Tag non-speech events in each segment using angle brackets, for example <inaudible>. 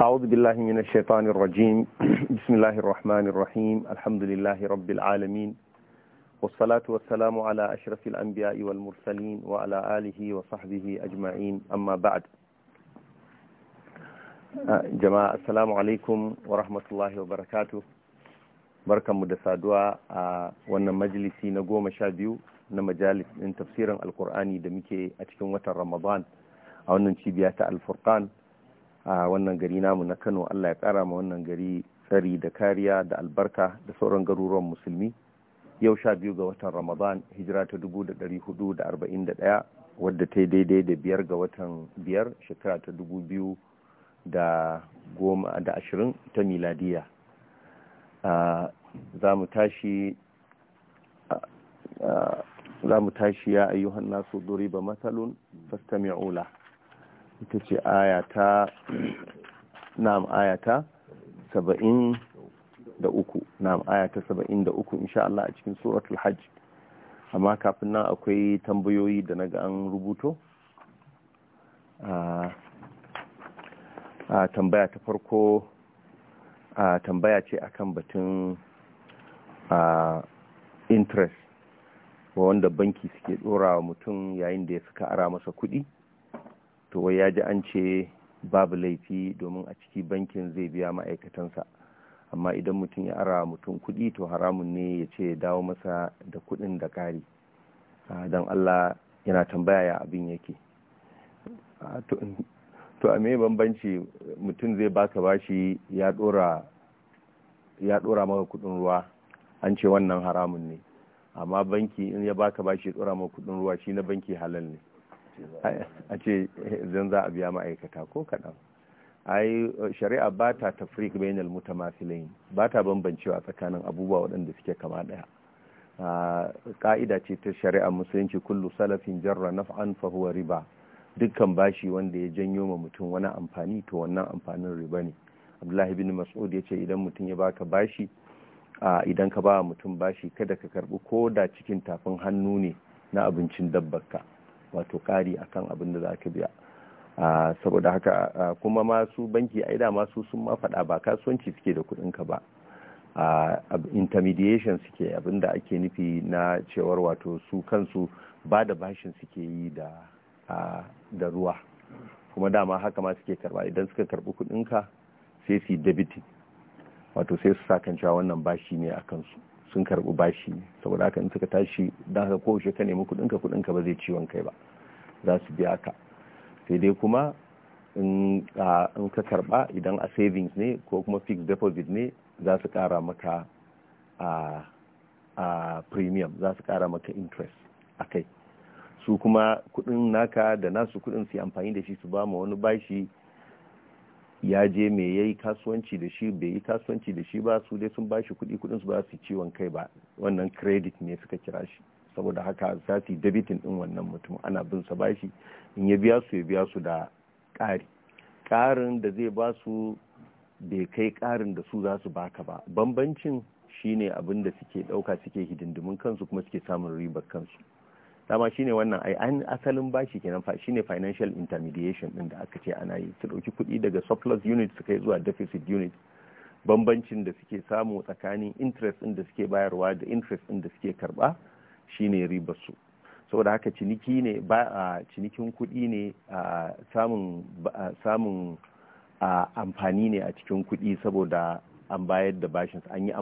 أعوذ بالله من الشيطان الرجيم بسم الله الرحمن الرحيم الحمد لله رب العالمين والصلاة والسلام على أشرف الأنبياء والمرسلين وعلى آله وصحبه أجمعين أما بعد جماعة السلام عليكم ورحمة الله وبركاته بركة مدسادوا وانا مجلسي نقوم شابيو na majalis ɗin tafsirin alkur'ani da muke a cikin watan ramadan a wannan cibiya ta alfurkan a wannan gari namu na kano allah ya kara ma wannan gari tsari da kariya da albarka da sauran garuruwan musulmi yau sha biyu ga watan ramadan hijira ta dubu da dari hudu da arba'in da daya wadda ta daidai da biyar ga watan biyar shekara ta dubu biyu da goma da ashirin ta miladiya za mu tashi za mu tashi ya ayyuhan nasu duriba matsalun fastami'ula ita ce ayata na'am ayata saba'in da uku na'am ayata saba'in da uku insha Allah a cikin suratul hajj amma kafin nan akwai tambayoyi da na ga an rubuto a tambaya ta farko a tambaya ce akan batun a interest wanda banki suke dora mutum yayin da ya suka ara masa kuɗi to wai ya ji an ce babu laifi domin a ciki bankin zai biya ma'aikatansa amma idan mutum ya ara mutum kuɗi to haramun ne ya ce ya dawo masa da kuɗin da ƙari don allah yana tambaya ya abin yake to a me bambanci mutum zai baka bashi ya ɗora maka kuɗin ruwa an ce wannan haramun ne amma banki in ya baka bashi ya ɗora maka kuɗin ruwa shi na banki halal ne a ce zan za a biya ma'aikata ko kaɗan ai shari'a ba ta tafrik bainal mutamathilin ba ta bambancewa tsakanin abubuwa waɗanda suke kama ɗaya ka'ida ce ta shari'a musulunci kullu salafin jarra naf'an fa huwa riba dukkan bashi wanda ya janyo ma mutum wani amfani to wannan amfanin riba ne abdullahi bin mas'ud ya ce idan mutum ya baka bashi idan ka ba mutum bashi kada ka karbi ko da cikin tafin hannu ne na abincin dabbarka wato ƙari akan abin da za ka biya saboda haka kuma masu banki a da masu sun ma faɗa ba kasuwanci suke da ka ba intermediation suke abin da ake nufi na cewar wato su kansu ba da bashin suke yi da ruwa kuma dama haka ma suke karba idan suka karbi kuɗinka sai su yi debiti wato sai su sakancewa wannan bashi ne a kansu sun karɓi bashi saboda haka in suka tashi don haka kowace ka nemi kuɗinka kuɗinka ba zai ciwon kai ba za su biya ka sai dai kuma in ka karɓa idan a savings ne ko kuma fixed deposit ne za su ƙara maka a premium za su ƙara maka interest a kai su kuma kuɗin naka da nasu kuɗin su yi amfani da shi su ba ma wani bashi ya je me ya kasuwanci da shi bai yi kasuwanci da shi ba su dai sun bashi kuɗi kuɗin su ba su ciwon kai ba wannan credit ne suka kira shi saboda haka za su yi ɗin wannan mutum ana bin sa bashi in ya biya su ya biya su da ƙari ƙarin da zai ba su bai kai ƙarin da su za su baka ba bambancin shine abinda da suke ɗauka suke hidindimin kansu kuma suke samun ribar kansu dama shine wannan ai an asalin bashi kenan fa shine financial intermediation din da aka ce ana yi su dauki kuɗi daga surplus unit su kai zuwa deficit unit bambancin da suke samu tsakanin interest din da suke bayarwa da interest din da suke karba shine riba su saboda haka ciniki ne ba cinikin kuɗi ne samun samun amfani ne a cikin kuɗi saboda an bayar da bashin an yi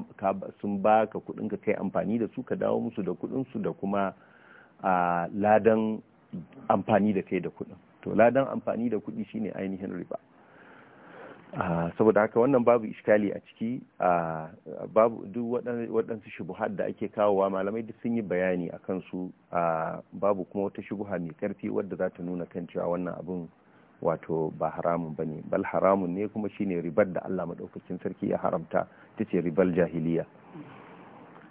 sun baka kuɗin ka kai amfani da su ka dawo musu da kuɗin su da kuma a ladan amfani da kai da kuɗin to ladan amfani da kuɗi shine ainihin riba saboda haka wannan babu iskali a ciki babu duk waɗansu shubuhar da ake kawowa malamai duk sun yi bayani a kansu babu kuma wata shubuha mai karfi wadda za ta nuna kan cewa wannan abun wato ba haramun ba ne bal haramun ne kuma shine ribar da allah maɗaukakin sarki ya haramta ta ce ribar jahiliya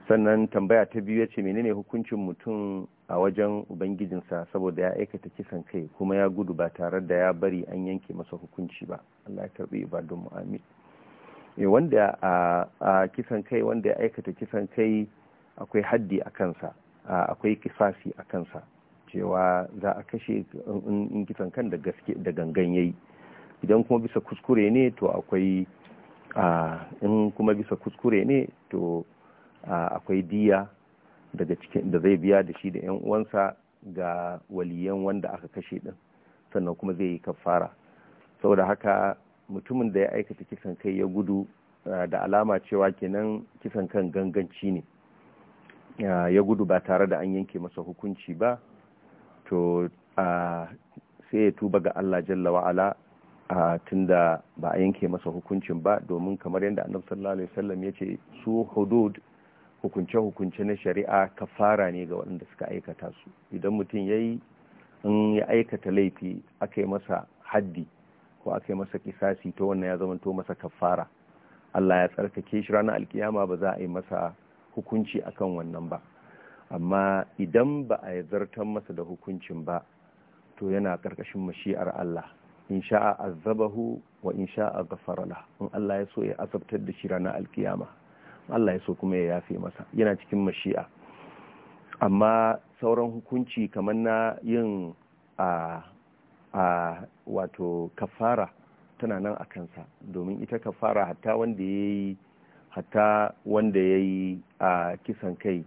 sannan tambaya ta biyu ya ce menene hukuncin mutum a wajen ubangijinsa saboda ya aikata kisan kai kuma ya gudu ba tare da ya bari an yanke masa hukunci ba Allah ya karbi ibadun mu amin eh, wanda a kisan kai wanda ya aikata kisan kai akwai haddi a kansa akwai kisasi a kansa cewa za a kashe in kisan kan da gaske da gangan yayi idan kuma bisa kuskure ne to akwai in kuma bisa kuskure ne to akwai diya daga cikin da zai biya da shi da yan uwansa ga waliyan wanda aka kashe din sannan kuma zai yi kafara saboda haka mutumin da ya aikata kisan kai ya gudu da alama cewa kenan kisan kan ganganci ne ya gudu ba tare da an yanke masa hukunci ba to sai ya tuba ga Allah jalla wa'ala a tunda ba a yanke masa hukuncin ba domin kamar yadda annabi sallallahu alaihi ya ce su hudud hukunce-hukunce na shari'a kafara ne ga waɗanda suka aikata su idan mutum ya yi in ya aikata laifi aka yi masa haddi ko aka yi masa kisasi to wannan ya zamanto masa kafara Allah ya tsarkake shi ranar alkiyama ba za a yi masa hukunci akan wannan ba amma idan ba a zartar masa da hukuncin ba to yana karkashin mashi'ar Allah in sha'a azabahu wa in sha'a gafarala in Allah ya so ya azabtar da shi ranar alkiyama Allah ya so kuma ya yafe masa yana cikin mashi'a amma sauran hukunci kamar na yin a a wato kafara tana nan a kansa domin ita kafara hatta wanda ya yi hatta wanda ya yi a kisan kai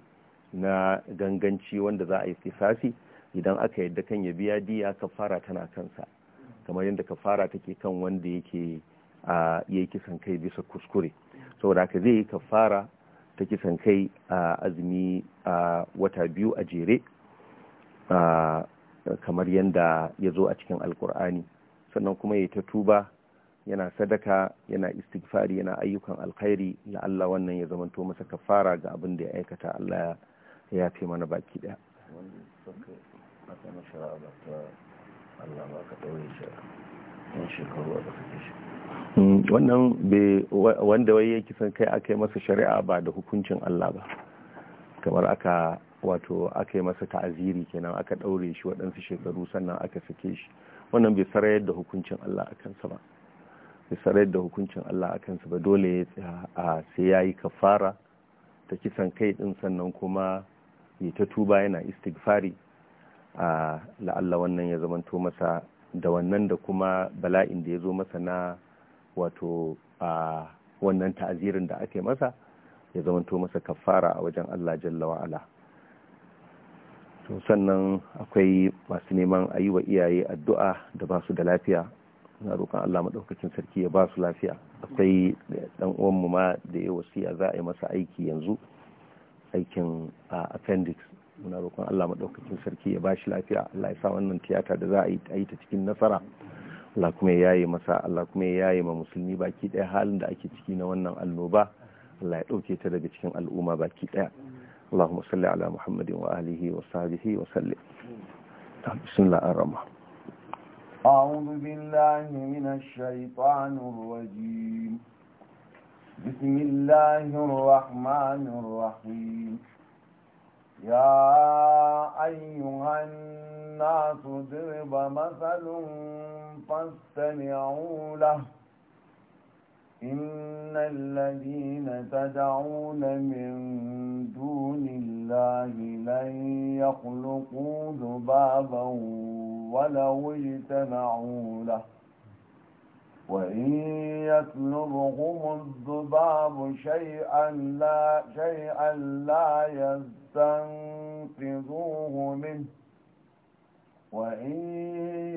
na ganganci wanda za a yi kisasi idan aka yadda kan ya biya diya kafara tana kansa kamar yadda kafara take kan wanda yake a yi kisan kai bisa kuskure saboda haka zai yi kafara ta kisan kai a azumi a wata biyu a jere kamar yadda ya zo a cikin alkur'ani sannan kuma ya ta tuba yana sadaka yana istighfari yana ayyukan alkhairi la'alla wannan ya zamanto masa kafara ga abin da ya aikata Allah ya fi mana baki daya Allah ba ka ɗaure Mm, wannan wanda wai yake kai aka yi masa shari'a ba da hukuncin Allah ba kamar aka wato aka yi masa ta'aziri kenan aka daure shi waɗansu shekaru sannan aka sake shi wannan bai sarayar da hukuncin Allah a kansa ba bai sarayar da hukuncin Allah a kansa ba dole a sai ya yi kafara ta kisan kai din sannan kuma ya ta tuba yana istighfari a la'alla wannan ya zamanto masa da wannan da kuma bala'in da ya zo masa na wato a wannan ta'azirin da ake masa ya zamanto masa kafara a wajen Allah jalla wa'ala sannan akwai masu neman a yi wa iyaye addu'a da ba su da lafiya na roƙon Allah maɗaukacin sarki ya ba su lafiya akwai ɗan uwanmu ma da ya wasiya za a yi masa aiki yanzu aikin appendix muna roƙon Allah maɗaukakin sarki ya bashi lafiya Allah ya sa wannan tiyata da za a yi ta cikin nasara Allah kuma ya yaye masa Allah kuma ya yaye ma musulmi baki ɗaya halin da ake ciki na wannan annoba Allah ya ɗauke ta daga cikin al'umma baki ɗaya muhammadin wa alihi wa وآله wa وسلم بسم الله الرحمن أعوذ بالله من الشيطان الرجيم بسم الله الرحمن الرحيم يا أيها الناس ضرب مثل فاستمعوا له إن الذين تدعون من دون الله لن يخلقوا ذبابا ولو اجتمعوا له وإن يطلبهم الذباب شيئا لا, شيئا لا يستنقذوه منه وإن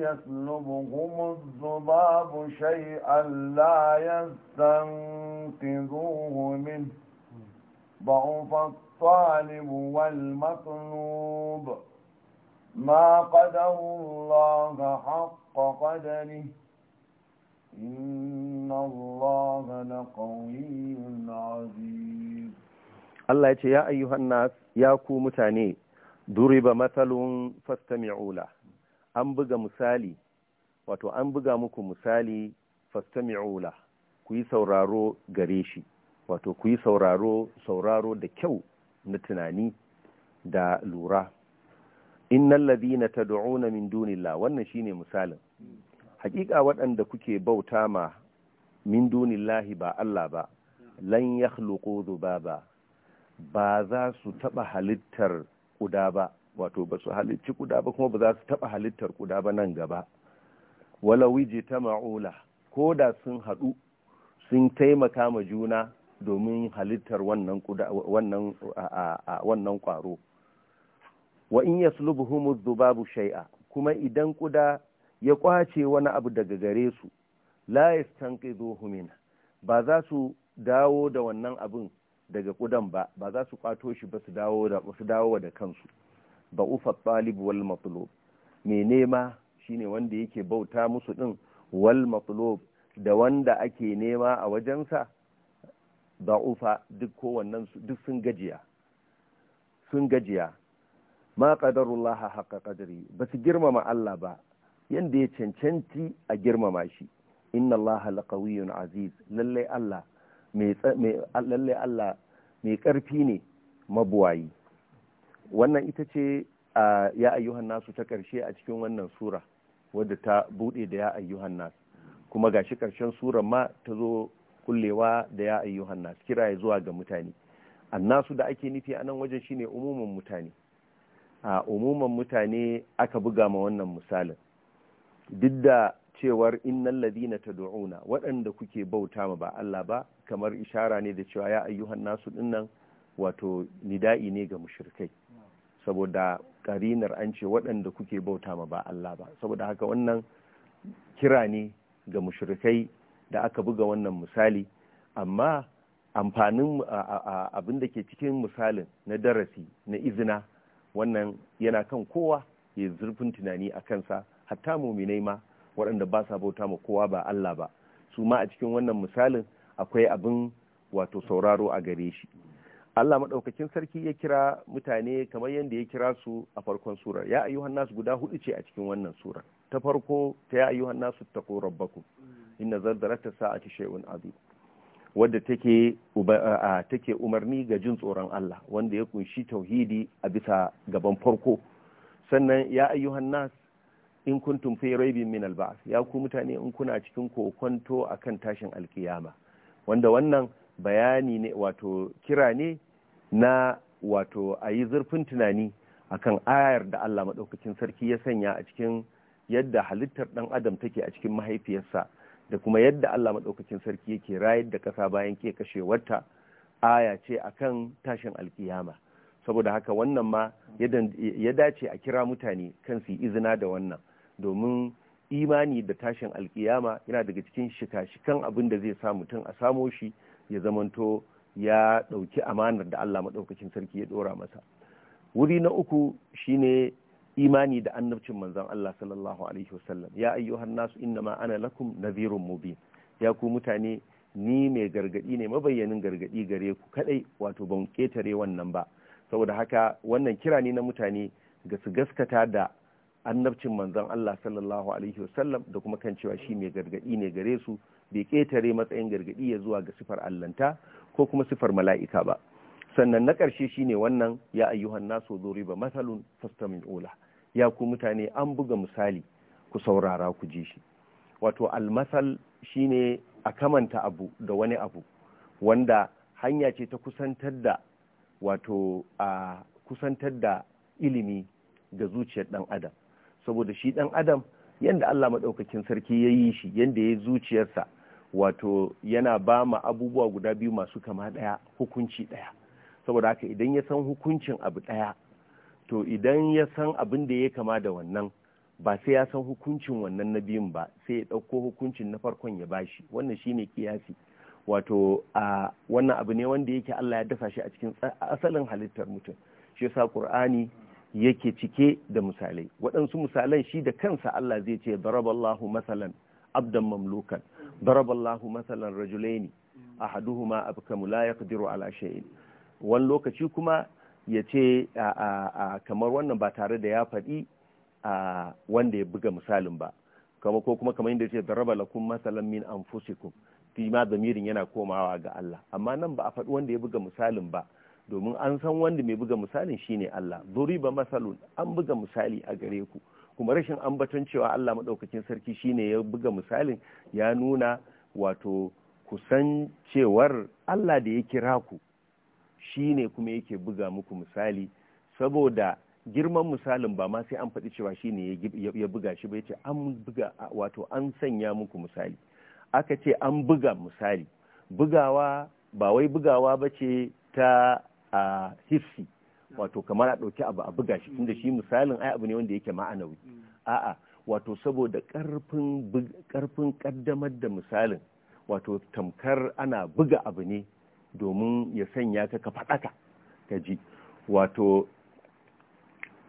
يطلبهم الذباب شيئا لا يستنقذوه منه ضعف الطالب والمطلوب ما قدر الله حق قدره allah ya ce ya الله يقول يا أيها الناس يا كو متاني an buga misali wato an buga muku misali fastami'ula ku yi sauraro gare shi wato ku yi sauraro sauraro da kyau na tunani da lura innal ladina tad'una min dunillah wannan shine misalin hakika waɗanda kuke bauta ma min dunillahi ba Allah ba lan yakhluqu dhubaba ba za su taba halittar kuda ba wato ba su halicci kuda ba kuma ba za su taba halittar kuda ba nan gaba wala wiji ta ma'ula ko da sun haɗu sun taimaka ma juna domin halittar wannan kuda wannan wannan kwaro wa in yaslubuhum dhubabu shay'a kuma idan kuda ya kwace wani abu daga gare su la yastanqidhuhu minha ba za su dawo da wannan abin daga kudan ba ba za su kwato shi ba su dawo da su dawo da kansu ba ufa talib wal matlub me nema shine wanda yake bauta musu din wal matlub da wanda ake nema a wajensa ba ufa duk ko su duk sun gajiya sun gajiya ma qadarullah haqa qadri ba su girmama Allah ba yanda ya cancanci a girmama shi inna allaha laqawiyyun aziz lallai allah mai lallai allah mai karfi ne mabuwayi wannan ita ce ya ayyuhan nasu ta karshe a cikin wannan sura wadda ta bude da ya ayyuhan nasu kuma gashi karshen surar ma ta zo kullewa da ya ayyuhan nasu kira ya zuwa ga mutane annasu da ake nufi a nan wajen shine umuman mutane a umuman mutane aka buga ma wannan misalin duk da cewar innal ladina tad'una waɗanda kuke bauta ma ba Allah ba kamar ishara ne da cewa ya ayyuhan nasu dinnan wato nida'i ne ga mushrikai saboda karinar an ce waɗanda kuke bauta ma ba Allah ba saboda haka wannan kira ne ga mushrikai da aka buga wannan misali amma amfanin abin da ke cikin misalin na darasi na izina wannan yana kan kowa ya zurfin tunani a kansa hatta muminai ma waɗanda ba sa bauta ma kowa ba Allah ba su ma a cikin wannan misalin akwai abin wato sauraro a gare shi Allah maɗaukakin sarki ya kira mutane kamar yadda ya kira su a farkon surar ya ayyuhan nasu guda hudu ce a cikin wannan surar ta farko ta ya ayyuhan nasu taqu rabbakum inna zalzalata sa'ati shay'un azim wadda take take umarni ga jin tsoron Allah wanda ya kunshi tauhidi a bisa gaban farko sannan ya ayyuhan in kun fi raibin min al ya ku mutane in kuna cikin kokonto akan tashin alkiyama wanda wannan bayani ne wato kira ne na wato a yi zurfin tunani akan ayar da Allah maɗaukakin sarki ya sanya a cikin yadda halittar ɗan adam take a cikin mahaifiyarsa da kuma yadda Allah maɗaukakin sarki yake rayar da ƙasa bayan ke kashewarta aya ce akan tashin alkiyama saboda haka wannan ma ya dace a kira mutane kan su izina da wannan domin imani da tashin alkiyama yana daga cikin shika-shikan abin da zai sa mutum a samo shi ya zamanto ya ɗauki amanar da Allah maɗaukacin sarki ya ɗora masa wuri na uku shine imani da annabcin manzan Allah sallallahu alaihi wasallam ya ayyuhan nasu ma ana lakum nadhirun mubin ya ku mutane ni mai gargadi ne mabayyanin gargadi gare ku kadai wato ban ketare wannan ba saboda haka wannan kira ne na mutane ga su gaskata da annabcin manzon Allah sallallahu alaihi wasallam da kuma kan cewa shi mai gargadi ne gare su bai ƙetare matsayin gargadi ya zuwa ga sifar allanta ko kuma sifar mala'ika ba sannan na ƙarshe shi ne wannan ya ayyuhan nasu ba masalun fastamin ula ya ku mutane an buga misali ku saurara ku ji shi wato almasal ne a kamanta abu da wani abu wanda hanya ce ta kusantar da wato a kusantar da ilimi ga zuciyar ɗan adam saboda shi dan adam yadda Allah maɗaukakin sarki ya yi shi yadda ya zuciyarsa wato yana ba ma abubuwa guda biyu masu kama ɗaya hukunci ɗaya saboda haka idan ya san hukuncin abu daya to idan ya san abin da ya kama da wannan ba sai ya san hukuncin wannan na biyun ba sai ya ɗauko hukuncin na farkon ya bashi wannan shi ne kiyasi wato a wannan abu ne wanda yake Allah ya dafa shi a cikin asalin halittar mutum shi yasa ƙur'ani yake cike da misalai waɗansu misalan shi da kansa Allah zai ce baraballahu masalan abdan mamlukan baraballahu masalan rajulaini a haduhu ma abu kamu la ya ala shay'in wani lokaci kuma ya ce kamar wannan ba tare da ya faɗi wanda ya buga misalin ba kama ko kuma kamar yadda ya ce daraba masalan min anfusikum fi ma zamirin yana komawa ga Allah amma nan ba a faɗi wanda ya buga misalin ba domin an san wanda mai buga misalin shine Allah zuriba masalun an buga misali a gare ku kuma rashin ambaton cewa Allah madaukakin sarki shine ya buga misalin ya nuna wato kusan cewar Allah da ya kira ku shine kuma yake buga muku misali saboda girman misalin ba ma sai an faɗi cewa shine ya buga shi ba yace an buga wato an sanya muku misali aka ce an buga misali bugawa ba wai bugawa bace ta a hissi wato kamar a ɗauki abu a buga shi tunda shi misalin ai abu ne wanda yake ma'anawi a'a wato saboda karfin kaddamar da misalin wato tamkar ana buga abu ne domin ya sanya ka ka faɗaka ka ji wato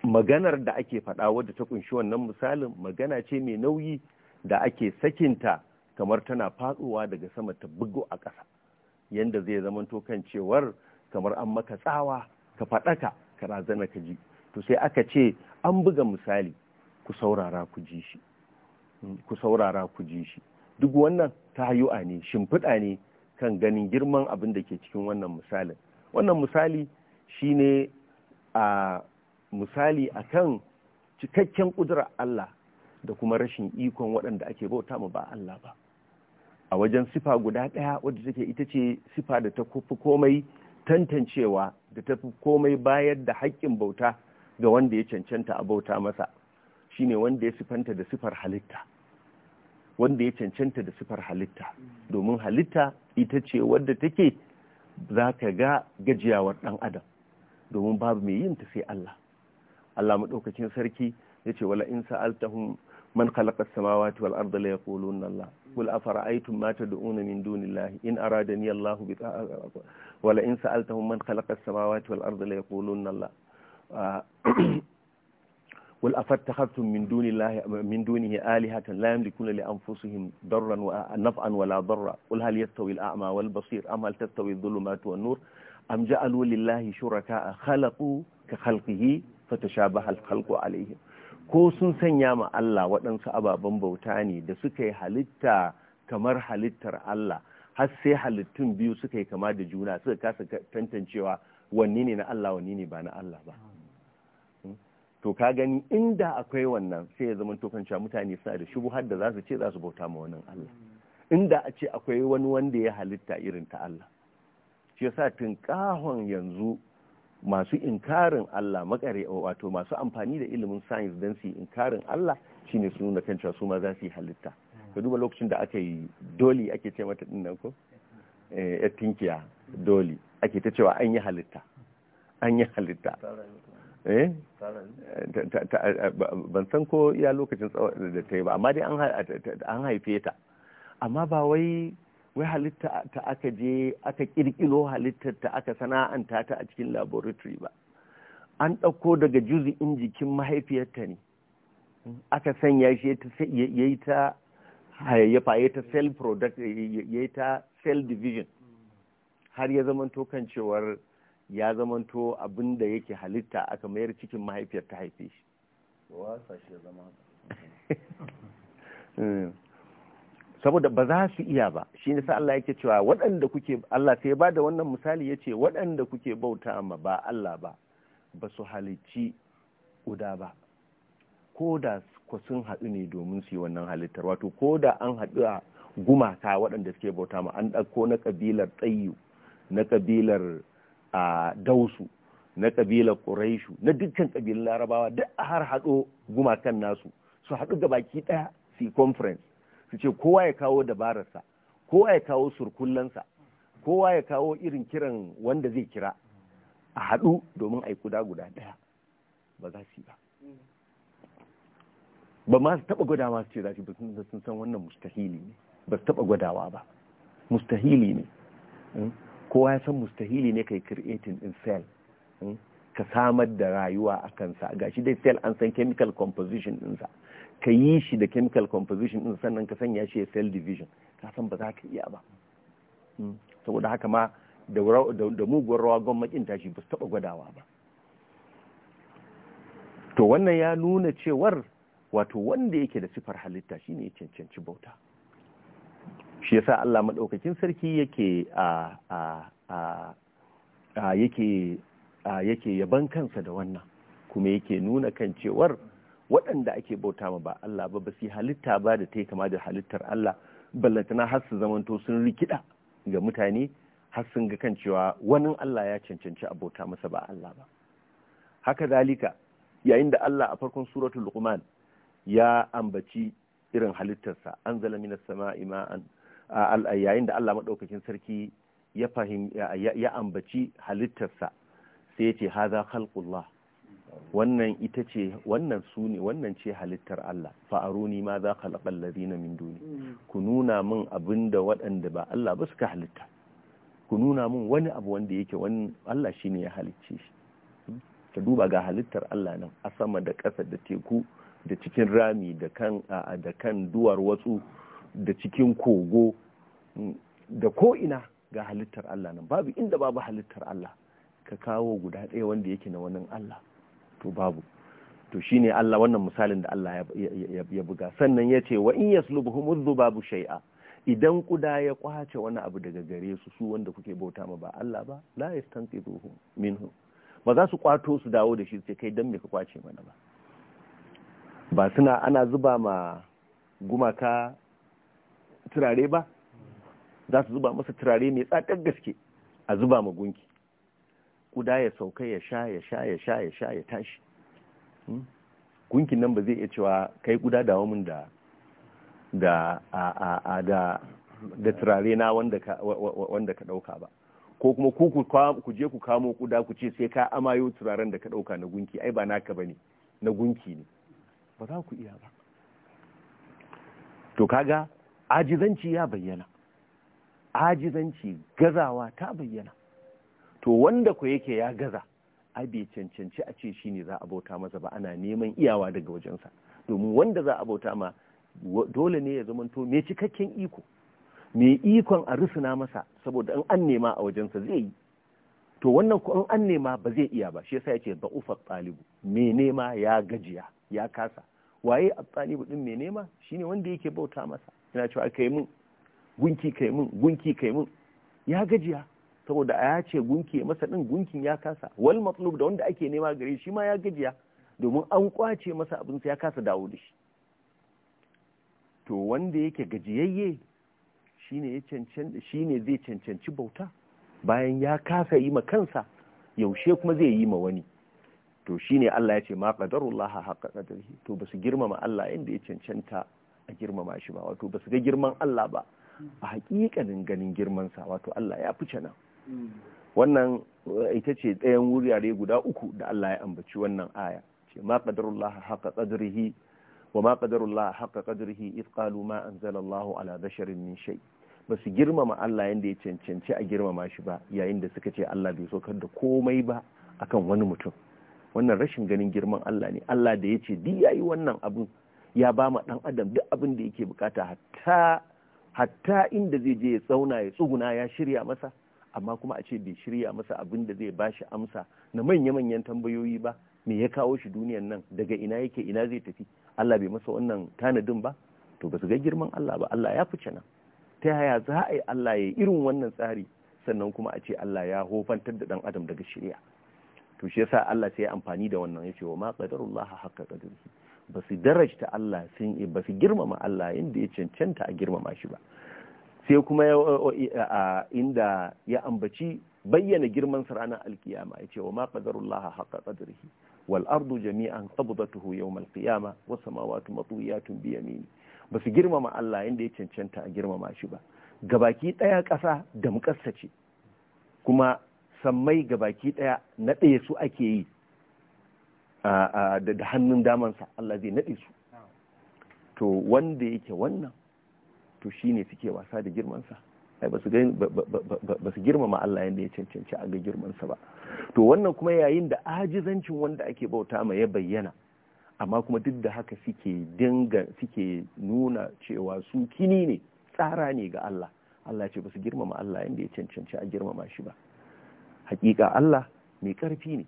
maganar da ake faɗa wadda ta kunshi wannan misalin magana ce mai nauyi da ake sakinta kamar tana faɗowa daga sama ta bugu a ƙasa yadda zai zamanto kan cewar kamar an maka tsawa ka faɗaka ka razana ka ji to sai aka ce an buga misali ku saurara ku ji shi hmm, ku saurara ku ji shi duk wannan ta hayu'a ne shimfiɗa ne kan ganin girman abin da ke cikin wannan misalin wannan misali shine a misali akan cikakken ƙudurar Allah da kuma rashin ikon waɗanda ake bauta ma ba Allah ba a wajen sifa guda ɗaya wadda take ita ce sifa da ta kofi komai tantancewa da ta fi komai bayar da haƙƙin bauta ga wanda ya cancanta a bauta masa shine wanda ya sifanta da sifar halitta wanda ya cancanta da sifar halitta domin halitta ita ce wadda take za ka ga gajiyawar ɗan adam domin babu mai yin ta sai Allah Allah maɗaukacin sarki ya ce wala in sa'altahum man khalaqa as-samawati da arda la yaquluna Allah qul afara'aytum ma tad'una min dunillahi in aradani Allah bi wala in sa'altahum man khalaqa as-samawati wal arda la yaquluna Allah قل أفتخذتم من دون الله من دونه آلهة لا يملكون لأنفسهم ضرا ونفعا ولا ضرا قل هل يستوي الأعمى والبصير أم هل تستوي الظلمات والنور أم جعلوا لله شركاء خلقوا كخلقه فتشابه الخلق عليهم ko sun sanya ma Allah waɗansu ababen bauta ne da suka yi halitta kamar halittar Allah har sai halittun biyu suka yi kama da juna suka kasa tantancewa wanne ne na Allah wanne ne ba na Allah ba hmm? to ka gani inda akwai wannan sai ya zama tokancewa mutane suna da shubu har da za su ce za su bauta ma wannan Allah inda a ce akwai wani wanda ya halitta irin ta Allah shi yasa tun kahon yanzu masu inkarin Allah makare wato masu amfani da ilimin science don su inkarin Allah shine su nuna kan cewa su ma za su yi halitta ka duba lokacin da aka yi doli ake ce mata din nan ko eh tinkiya doli ake ta cewa an yi halitta an yi halitta eh, eh ban san ko iya lokacin da ta yi ba amma dai an haife ta amma ba wai wai halitta ta aka je aka kirkiro halittar ta aka sana'anta ta a cikin laboratory ba an ɗauko daga juzi'in jikin mahaifiyarta ne aka sanya shi ya yi ta hayayyafa ya ta cell product ya ta cell division har ya zamanto kan cewar ya zamanto abin da yake halitta aka mayar cikin mahaifiyar ta haife shi <laughs> saboda ba za su iya ba shi ne sa Allah yake cewa waɗanda kuke Allah sai ba da wannan misali ya ce waɗanda kuke bauta ma ba Allah ba ba su halicci guda ba ko da sun haɗu ne domin su yi wannan halittar wato ko da an haɗu a gumaka waɗanda suke bauta ma an ɗauko na ƙabilar tsayu na ƙabilar dausu na ƙabilar ƙuraishu na dukkan ƙabilun larabawa duk a har haɗo gumakan nasu su haɗu ga baki ɗaya su yi conference su ce kowa ya kawo dabararsa kowa ya kawo surkullansa kowa ya kawo irin kiran wanda zai kira a haɗu domin a yi kuda guda ɗaya ba za su yi ba ba ma su taɓa gwada masu ce za su yi sun san wannan mustahili ne ba su taɓa gwadawa ba mustahili ne hmm? kowa ya san mustahili ne ka yi creating in cell hmm? ka samar da rayuwa a kansa Ga shi dai cell an san chemical composition ɗinsa ka yi shi da chemical composition din sannan ka sanya shi cell division ka san ba za ka iya ba hmm. saboda haka ma da muguwar rawa gwamnatin tashi ba su taba gwadawa ba to wannan ya nuna cewar wato wanda yake da sifar halitta shine ya cancanci bauta shi yasa Allah maɗaukakin sarki yake a a a yake yake yaban kansa da wannan kuma yake nuna kan cewar waɗanda ake bauta ma ba Allah ba ba su halitta ba da ta yi kama da halittar Allah ballantana har su zamanto sun rikida ga mutane har sun ga kan cewa wani Allah ya cancanci a bauta masa ba Allah ba haka zalika yayin da Allah a farkon suratul luqman ya ambaci irin halittarsa an zala minas sama'i ma'an yayin da Allah madaukakin sarki ya fahim ya ambaci halittarsa sai ya ce haza khalqullah wannan ita ce wannan su ne wannan ce halittar Allah fa'aruni ma za khalaqal ladina min duni ku nuna min abinda waɗanda ba Allah ba suka halitta ku nuna min wani abu wanda yake wani Allah shine ya halicce shi ka duba ga halittar Allah nan a sama da ƙasa da teku da cikin rami da kan da kan duwar watsu da cikin kogo da ko ina ga halittar Allah nan babu inda babu halittar Allah ka kawo guda ɗaya wanda yake na wannan Allah to babu to shine Allah wannan misalin da Allah ya buga sannan ya ce wa in yaslubuhum dhubabu shay'a idan kuda ya kwace wani abu daga gare su su wanda kuke bauta ma ba Allah ba la yastanqidhuhum minhu ba za su kwato su dawo da shi su sai kai dan me ka kwace mana ba ba suna ana zuba ma gumaka turare ba za su zuba masa turare mai tsadar gaske a zuba ma gunki kuda ya sauka ya sha ya sha ya sha ya sha ya tashi hmm? gunkin nan ba zai iya cewa kai kuda da wamin da da a a a da da turare na wanda ka wanda dauka ba ko kuma ku ku je ku kamo kuda ku ce sai ka amayo turaren da ka dauka na gunki ai ba naka bane na gunki ne ba za ku iya ba to kaga ajizanci ya bayyana ajizanci gazawa ta bayyana to wanda ku yake ya gaza a bai cancanci a ce shine za a bauta masa ba ana neman iyawa daga wajensa domin wanda za a bauta ma dole ne ya zamanto me cikakken iko Me ikon a rusuna masa saboda in an nema a wajensa zai yi to wannan ku an nema ba zai iya ba shi yasa yace ba ufa talibu me nema ya gajiya ya kasa waye a talibu din mai nema shine wanda yake bauta masa ina cewa kai mun gunki kai mun gunki kai mun ya gajiya saboda ya ce gunki masa din gunkin ya kasa wal matlub da wanda ake nema gare shi ma ya gajiya domin an kwace masa abin sa ya kasa dawo da shi to wanda yake gajiyayye shine ya cancan shine zai cancanci bauta bayan ya kasa yi ma kansa yaushe kuma zai yi ma wani to shine Allah ya ce ma qadarullah haqqa qadarihi to basu girmama Allah inda ya cancanta a girmama shi ba wato basu ga girman Allah ba a hakikanin ganin girmansa wato Allah ya fice nan wannan eh, ita ce ɗayan wurare guda uku da Allah ya ambaci wannan aya ce ma qadarullah haqa qadrihi wa ma qadarullah haqa qadrihi id qalu ma ala basharin min shay ba su girmama Allah yanda ya cancanci a girmama shi ba yayin da suka ce Allah bai sokar da komai ba akan wani mutum wannan rashin ganin girman Allah ne Allah da ya ce duk yayi wannan abun ya ba ma dan adam duk abin da yake bukata hatta hatta inda zai je ya tsauna ya tsuguna ya shirya masa amma kuma a ce bai shirya masa abin da zai ba shi amsa na manya-manyan tambayoyi ba me ya kawo shi duniyan nan daga ina yake ina zai tafi Allah bai masa wannan tanadin ba to ba su ga girman Allah ba Allah ya fice nan ta yaya za a yi Allah ya irin wannan tsari sannan kuma a ce Allah ya hofantar da dan adam daga shirya to shi yasa Allah sai ya amfani da wannan yace wa ma qadarullah haqqa qadarihi ba su darajta Allah sun ba su girmama Allah inda ya cancanta a girmama shi ba sai kuma inda ya ambaci bayyana girman sa ranar alkiyama ya ce wa ma qadarullaha haqqa qadrihi wal ardu jami'an qabdatuhu yawm al qiyama was samawati matwiyatun bi yamini basu girmama Allah inda ya cancanta a girmama shi ba gabaki daya kasa da ce kuma sammai gabaki daya naɗe su ake yi da hannun damansa Allah zai naɗe su to wanda yake wannan to shine suke wasa da girmansa ba su girmama Allah yadda ya cancanci a ga girmansa ba to wannan kuma yayin da ajizancin wanda ake bauta ma ya bayyana amma kuma duk da haka suke dinga suke nuna cewa su kini ne tsara ne ga Allah Allah ce ba su girmama Allah yadda ya cancanci a girmama shi ba hakika Allah mai karfi ne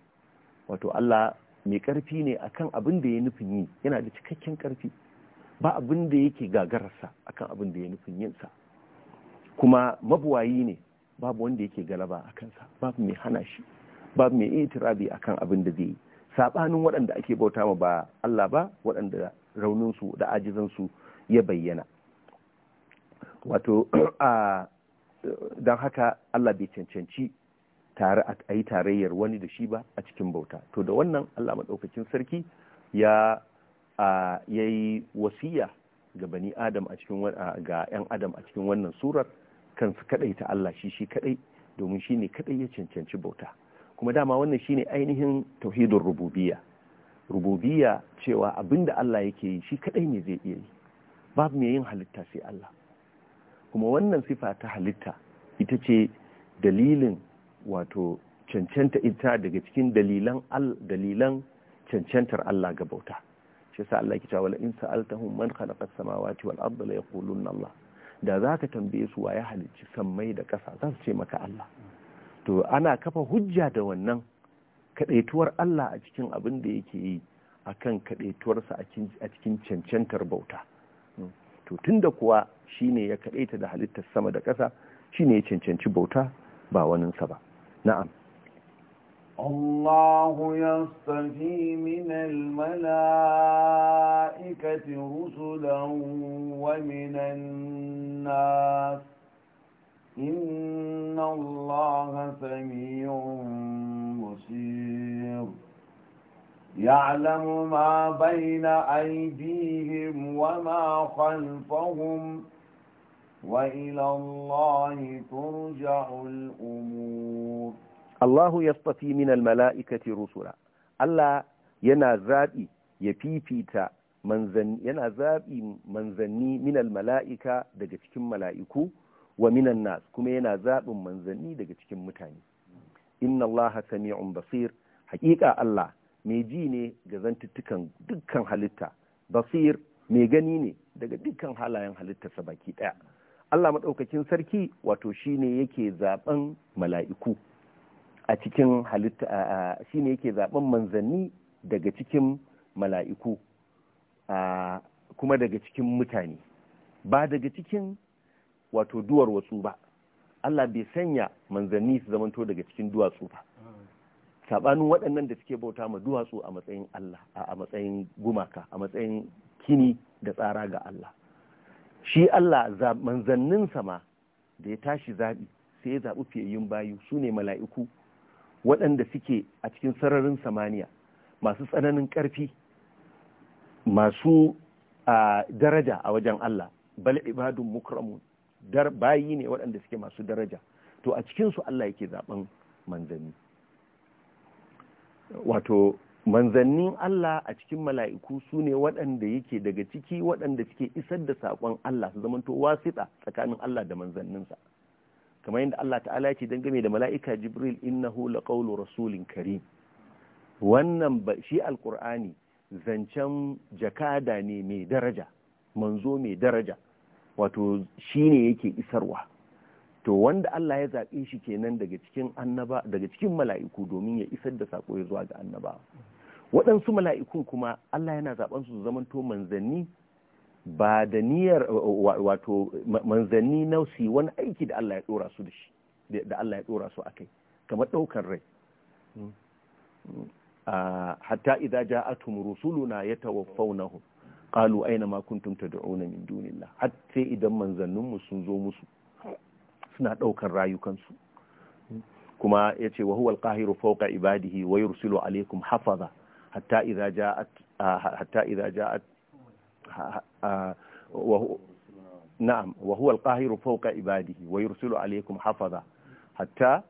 wato Allah mai karfi ne akan abin da ya nufin yi yana da cikakken karfi ba abin da yake gagararsa akan abin da ya nufin yinsa kuma mabuwayi ne babu wanda yake galaba a kansa babu mai hana shi babu mai itirabi akan abin da zai yi sabanin waɗanda ake bauta ma ba Allah ba waɗanda rauninsu da ajizansu ya bayyana wato <clears throat> a don haka Allah bai cancanci tare a yi tarayyar wani da shi ba a cikin bauta to da wannan Allah maɗaukakin sarki ya ya yi wasiya ga bani adam a cikin ga 'yan adam a cikin wannan surar kansu kadai ta Allah shi shi kadai domin shi ne kadai ya cancanci bauta kuma dama wannan shi ne ainihin tauhidin Rububiya. Rububiya cewa abinda Allah yake yi shi kadai ne zai iya yi babu mai yin halitta sai Allah kuma wannan sifa ta halitta ita ce dalilin wato cancanta ita daga cikin dalilan cancantar Allah ga bauta shi yasa Allah ke cewa wala in sa'altahum man khalaqa as-samawati wal arda la Allah da zaka tambaye su waye halicci sammai da ƙasa za su ce maka Allah to ana kafa hujja da wannan kadaituwar Allah a cikin abin da yake yi akan kadaituwarsa a cikin cancantar bauta hmm. to tunda kuwa shine ya kadaita da halittar sama da ƙasa shine ya cancanci bauta ba waninsa ba na'am الله يصطفي من الملائكة رسلا ومن الناس إن الله سميع بصير يعلم ما بين أيديهم وما خلفهم وإلى الله ترجع الأمور Allahu yastafi min mala'ikati rusula Allah yana zabi ya fifita manzanni yana zabi manzanni min mala'ika daga cikin mala'iku wa minan nas kuma yana zabin manzanni daga cikin mutane inna Allaha sami'un basir haƙiƙa Allah mai ji ne ga zantuttukan dukkan halitta basir mai gani ne daga dukkan halayen halittarsa baki ɗaya Allah maɗaukakin sarki wato shine yake zaben mala'iku a cikin halitta shi ne yake zaben manzanni daga cikin mala'iku kuma daga cikin mutane ba daga cikin wato duwar wasu ba Allah bai sanya manzanni su zamanto daga cikin duwatsu ba sabanin waɗannan da suke bauta ma duwatsu a matsayin Allah a matsayin gumaka a matsayin kini da tsara ga Allah shi Allah manzannin sama da ya tashi zaɓi sai ya zaɓi yin bayu su ne mala'iku waɗanda suke a cikin sararin samaniya masu tsananin ƙarfi masu daraja a wajen Allah bal ibadun mukramun bayi ne waɗanda suke masu daraja to a cikinsu Allah yake zaben manzanni wato manzannin Allah a cikin mala'iku su ne waɗanda yake daga ciki waɗanda suke isar da saƙon Allah su zamanto wasita tsakanin Allah da manzanninsa kamar yadda Allah ta'ala ya ce game da mala'ika jibril innahu laqawlu rasulin karim wannan ba shi alqur'ani zancen jakada ne mai daraja manzo mai daraja wato shine yake isarwa to wanda Allah ya zaɓe shi kenan daga cikin annaba daga cikin mala'iku domin ya isar da sako ya zuwa ga annaba waɗansu mala'ikun kuma Allah yana zaɓen su zamanto manzanni ba da niyyar wato manzanni na su wani aiki da Allah ya dora su da shi da Allah ya dora su akai kamar daukar rai hmm. hatta idza ja'atuhum rusuluna yatawaffawnahum qalu aina ma kuntum tad'una min dunillah hatta idan manzannin mu sun zo musu suna ɗaukar rayukansu hmm. kuma yace wa huwa al-qahiru fawqa ibadihi wa yursilu alaykum hafaza hatta idza ja'at hatta na'am wa huwa al-qahiru fawqa ibadihi wa yursilu alaykum hafaza hatta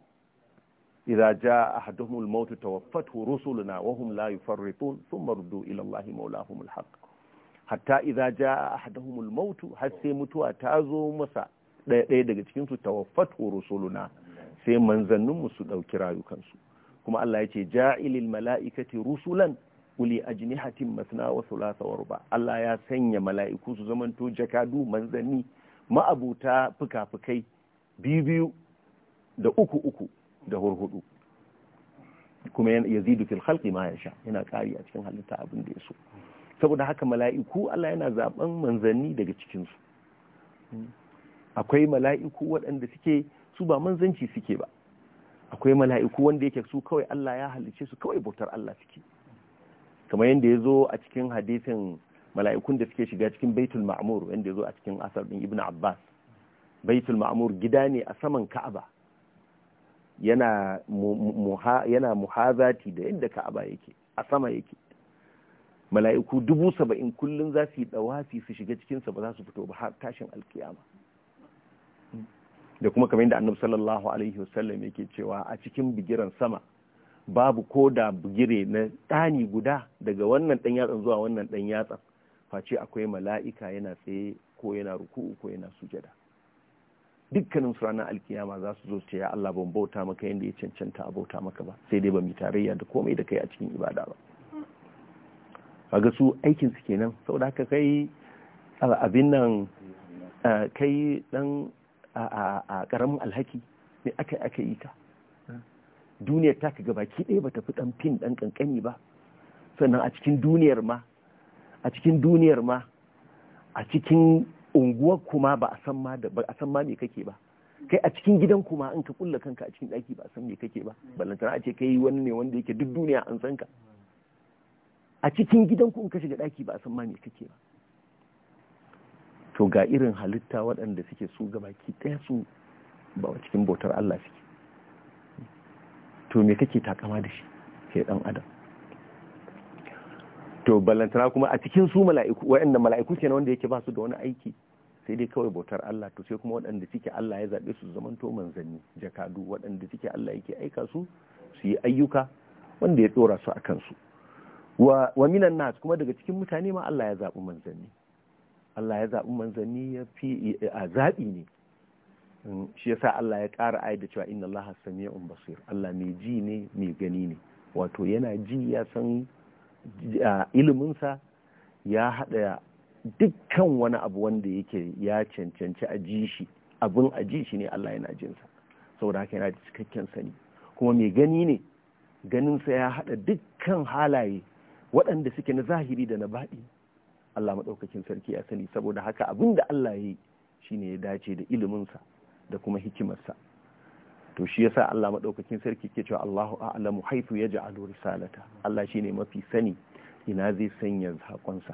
idza jaa ahaduhum al-maut tawaffathu rusuluna wa hum la yu thumma ruddu ila allahi mawlahum al-haq hatta idza ja ahaduhum al-maut har sai mutuwa ta zo masa ɗaya ɗaya daga cikin su tawaffathu rusuluna sai manzanninmu su ɗauki rayukansu kuma Allah ya ce ja'ilil mala'ikati rusulan uli ajnihatin masna wa sulasa wa ruba Allah ya sanya mala'iku su zamanto jakadu manzanni ma'abuta fuka-fukai biyu biyu da uku uku da hurhudu kuma yazidu fil khalqi ma yasha yana kari a cikin halitta abin da yaso saboda haka mala'iku Allah yana zaben manzanni daga cikin su akwai mala'iku waɗanda suke su ba manzanci suke ba akwai mala'iku wanda yake su kawai Allah ya halice su kawai bautar Allah suke kamar yadda ya zo a cikin hadisin mala'ikun da suke shiga cikin baitul ma'amur yadda ya zo a cikin asar ɗin ibn abbas baitul ma'amur gida ne a saman ka'aba yana muhazati da yadda ka'aba yake a sama yake mala'iku dubu saba'in kullum za su yi ɗawafi su shiga cikinsa ba za su fito ba har tashin alkiyama da kuma kamar yadda annabi sallallahu alaihi wasallam yake cewa a cikin bigiran sama babu ko da bugire na ɗani guda daga wannan ɗan yatsan zuwa wannan ɗan yatsan face akwai mala'ika yana tsaye ko yana ruku'u ko yana sujada dukkanin su ranar alkiyama za su zo ce ya Allah ban bauta maka yadda ya cancanta a bauta maka ba sai dai ba mu tarayya da komai da kai a cikin ibada ba kaga su aikin su kenan saboda haka kai abin nan kai dan a karamin alhaki ne aka aka yi ka duniyar ta kaga baki ɗaya ba fi ɗan fin ɗan ƙanƙani ba sannan a cikin duniyar ma a cikin duniyar ma a cikin unguwar kuma ba a san ma da ba a san ma me kake ba kai a cikin gidan kuma in ka kulla kanka a cikin ɗaki ba a san me kake ba ballantana a ce kai wani ne wanda yake duk duniya an san ka a cikin gidan ku in ka shiga ɗaki ba a san ma me kake ba to ga irin halitta waɗanda suke su gabaki ɗaya su ba cikin bautar Allah suke to me kake takama da shi sai dan adam to ballantana kuma a cikin su mala'iku waɗanda mala'iku na wanda yake ba su da wani aiki sai dai kawai bautar Allah to sai kuma waɗanda suke Allah ya zaɓe su zamanto manzanni jakadu waɗanda suke Allah yake aika su su yi ayyuka wanda ya tsora su a kansu wa minan nas kuma daga cikin mutane ma Allah ya zaɓi manzanni Allah ya zaɓi manzanni ya fi a zaɓi ne shi yasa Allah ya ƙara ayi da cewa inna Allah sami'un basir Allah mai ji ne mai gani ne wato yana ji ya san iliminsa ya hada dukkan wani abu wanda yake ya cancanci a ji shi abun a ji shi ne Allah yana jin sa saboda haka yana da cikakken sani kuma mai gani ne ganin sa ya hada dukkan halaye waɗanda suke na zahiri da na baɗi Allah maɗaukakin sarki ya sani saboda haka abin da Allah ya yi shine ya dace da iliminsa da kuma hikimarsa to shi yasa Allah madaukakin sarki ke cewa Allahu a'lamu haythu yaj'alu risalata Allah shine mafi sani ina zai sanya hakonsa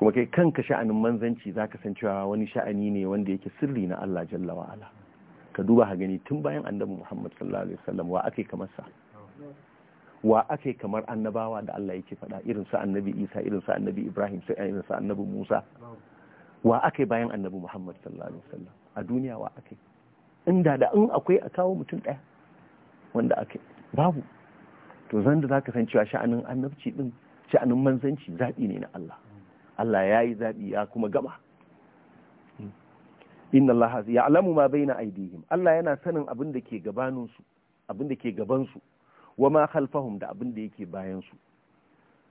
kuma kai kanka sha'anin manzanci zaka san cewa wani sha'ani ne wanda yake sirri na Allah jalla wa ala ka duba ha gani tun bayan annabi Muhammad sallallahu alaihi wasallam wa akai kamar sa wa akai kamar annabawa da Allah yake faɗa irin su annabi Isa irin su annabi Ibrahim sai irin su annabi Musa wa aka bayan annabi muhammad sallallahu alaihi wasallam a duniya wa aka inda da in akwai a kawo mutum ɗaya wanda aka babu to zan da zaka san cewa sha'anin annabci din sha'anin manzanci zabi ne na Allah Allah ya yi zaɓi ya kuma gama inna Allah ya'lamu alamu ma bai na Allah yana sanin abin da ke gabaninsu abin da ke gabansu wa ma khalfahum da abin da yake bayansu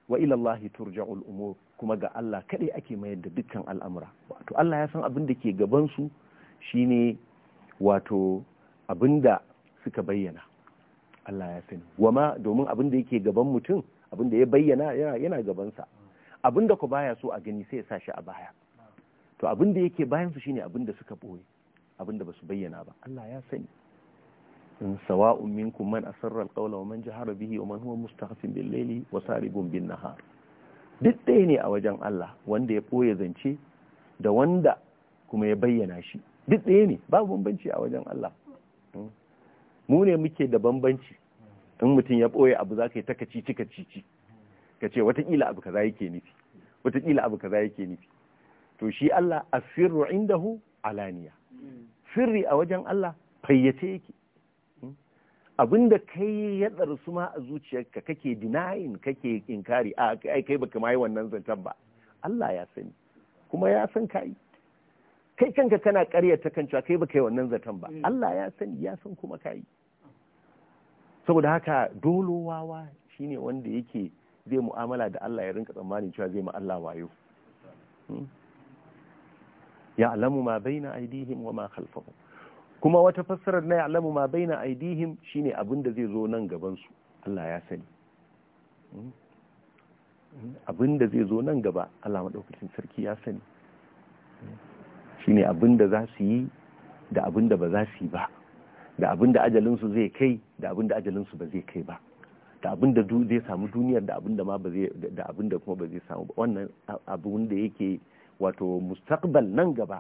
wa ilallahi turja'ul umur kuma ga Allah kaɗai ake mayar da dukkan al'amura wato Allah ya san abin da ke gaban su shine wato abin da suka bayyana Allah ya sani wama domin abin da yake gaban mutum abin da ya bayyana yana gabansa abin da ku baya so a gani sai ya sa shi a baya to abin da yake su shine abin da suka boye abin da basu bayyana ba Allah ya sani سواء منكم من أسر القول ومن جهر به ومن هو مستخف بالليل وسارب بالنهار duk ɗaya ne a wajen Allah wanda ya ɓoye zance da wanda kuma ya bayyana shi duk ɗaya ne babu bambanci a wajen Allah mu muke da bambanci in mutum ya ɓoye abu za ka yi takaci cika cici ka ce watakila abu kaza yake nufi watakila abu kaza yake nufi to shi Allah asirru indahu alaniya sirri a wajen Allah fayyace yake Abin da kai ya tsara su ma a zuciyarka kake dinayin kake inkari a ah, kai kai baka mai wannan zantan ba Allah ya sani kuma ya san kai kai kanka kana ta kan cewa kai baka yi wannan zaton ba mm. Allah ya sani ya san kuma kai saboda haka dolo wawa shine wanda yake zai mu'amala da Allah ya rinka tsammanin cewa zai ma Allah wayo hmm? ya alamu ma baina aidihim wa ma khalfahum kuma wata fassarar na ya'lamu ma baina aidihim shine abin da zai zo nan gaban su Allah ya sani hmm? Hmm? abin da zai zo nan gaba Allah madaukakin sarki ya sani hmm? shine abin da za su yi da abin da ba za su yi ba da abin da ajalinsu zai kai da abin da ajalinsu ba zai kai ba da abin da zai samu duniyar da abin da ma ba zai da abin da kuma ba zai samu ba wannan abin da yake wato mustaqbal nan gaba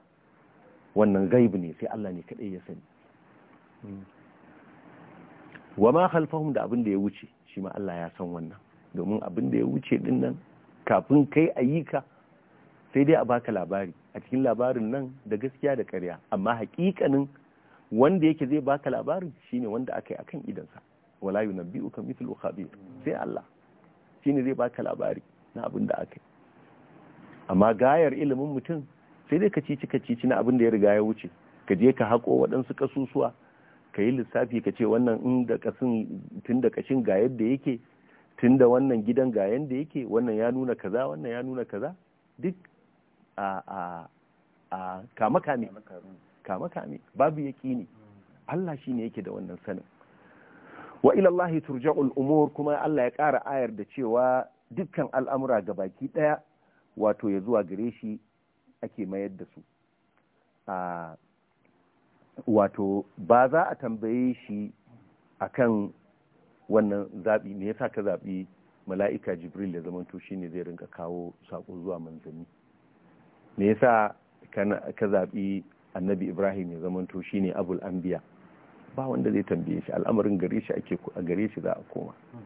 wannan gaibu ne sai Allah ne kaɗai ya sani wa ma khalfahum da abin da ya wuce shi ma Allah ya san wannan domin abin da ya wuce din nan kafin kai ayyuka sai dai a baka labari a cikin labarin nan da gaskiya da ƙarya amma haƙiƙanin wanda yake zai baka labarin shine wanda aka akan idansa wala yunabbi'uka mithlu khabir sai Allah shine zai baka labari na abin da aka amma gayar ilimin mutum sai dai ka cici ka cici na abin da ya riga ya wuce ka je ka haƙo waɗansu ƙasusuwa ka yi lissafi ka ce wannan in da ƙasin tun da ƙashin ga yadda yake tun da wannan gidan ga yadda yake wannan ya nuna kaza wannan ya nuna kaza duk a a a kama kame kama kame babu yaƙini Allah shine yake da wannan sanin wa ila Allah turja'ul umur kuma Allah ya ƙara ayar da cewa dukkan al'amura ga baki ɗaya wato ya zuwa gare shi ake mayar da su wato ba za a tambaye shi a kan wannan zaɓi me yasa ka zaɓi mala'ika jibril ya zamanto shi ne zai rinka kawo saƙo zuwa manzanni me yasa ka zaɓi annabi ibrahim ya zamanto shi ne abul anbiya ba wanda zai tambaye shi al'amarin gare shi ake a gare shi za a koma hmm.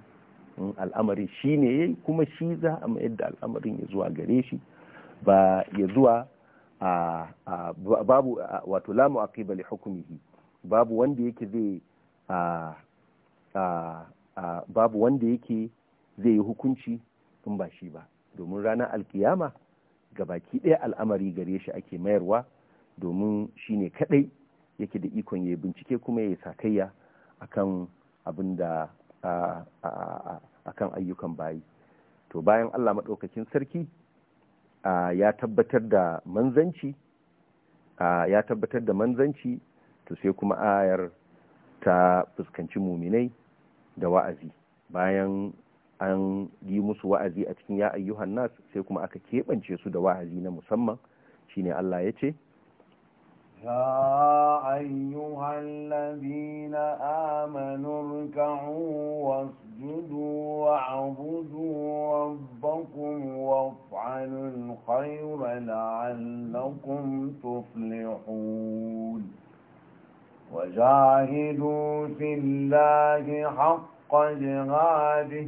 Hmm, al'amari shi ne ya yi kuma shi za a mayar da al'amarin ya zuwa gare shi ba ya zuwa babu wato lamu aqiba bali hukmihi babu wanda yake zai babu wanda yake zai yi hukunci in ba shi ba domin ranar alkiyama ga baki ɗaya al'amari gare shi ake mayarwa domin shi ne kaɗai yake da ikon ya bincike kuma ya sakayya akan abin akan ayyukan bayi to bayan allah maɗaukakin sarki ya tabbatar da manzanci ya tabbatar da manzanci to sai kuma ayar ta fuskanci muminai da wa'azi bayan an yi musu wa'azi a cikin ya ayyuhan nas sai kuma aka keɓance su da wa'azi na musamman shine Allah ya ce يا أيها الذين آمنوا اركعوا واسجدوا واعبدوا ربكم وافعلوا الخير لعلكم تفلحون وجاهدوا في الله حق جهاده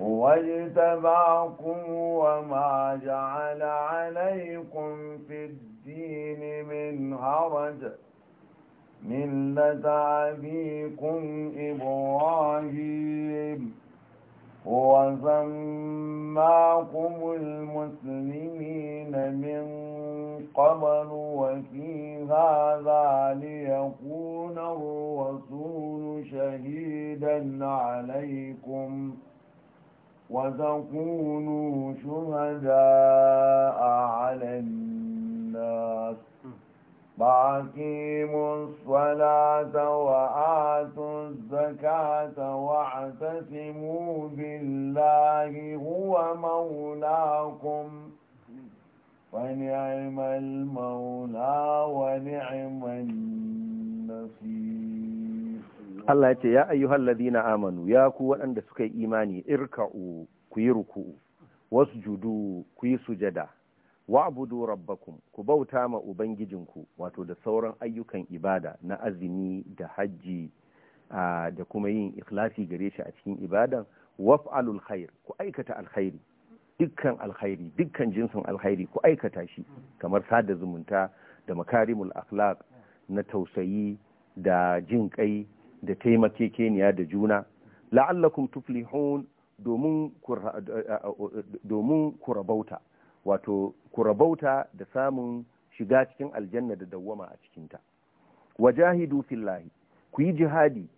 هو اجتباكم وما جعل عليكم في الدين الدين من هرج ملة أبيكم إبراهيم هو سماكم المسلمين من قبل وفي هذا ليكون الرسول شهيدا عليكم وتكونوا شهداء على الناس الناس وأقيموا الصلاة وآتوا الزكاة واعتسموا بالله هو مولاكم فنعم المولى ونعم النصير الله يتي يا أيها الذين آمنوا يا كو أن سكي إيماني اركعوا كيركوا واسجدوا كي سجدا wa wa'budu rabbakum ku bauta ma ubangijinku wato da sauran ayyukan ibada na azumi da hajji da kuma yin ikhlasi gare shi a cikin ibadan waf'alul khair ku aikata alkhairi dukkan alkhairi dukkan jinsin alkhairi ku aikata shi kamar sada zumunta da makarimul akhlaq na tausayi da jin kai da taimakekeniya da juna la'allakum tuflihun domin ku rabauta wato ku rabauta da samun shiga cikin aljanna da dawwama a cikinta wajahidu fillahi ku yi jihadi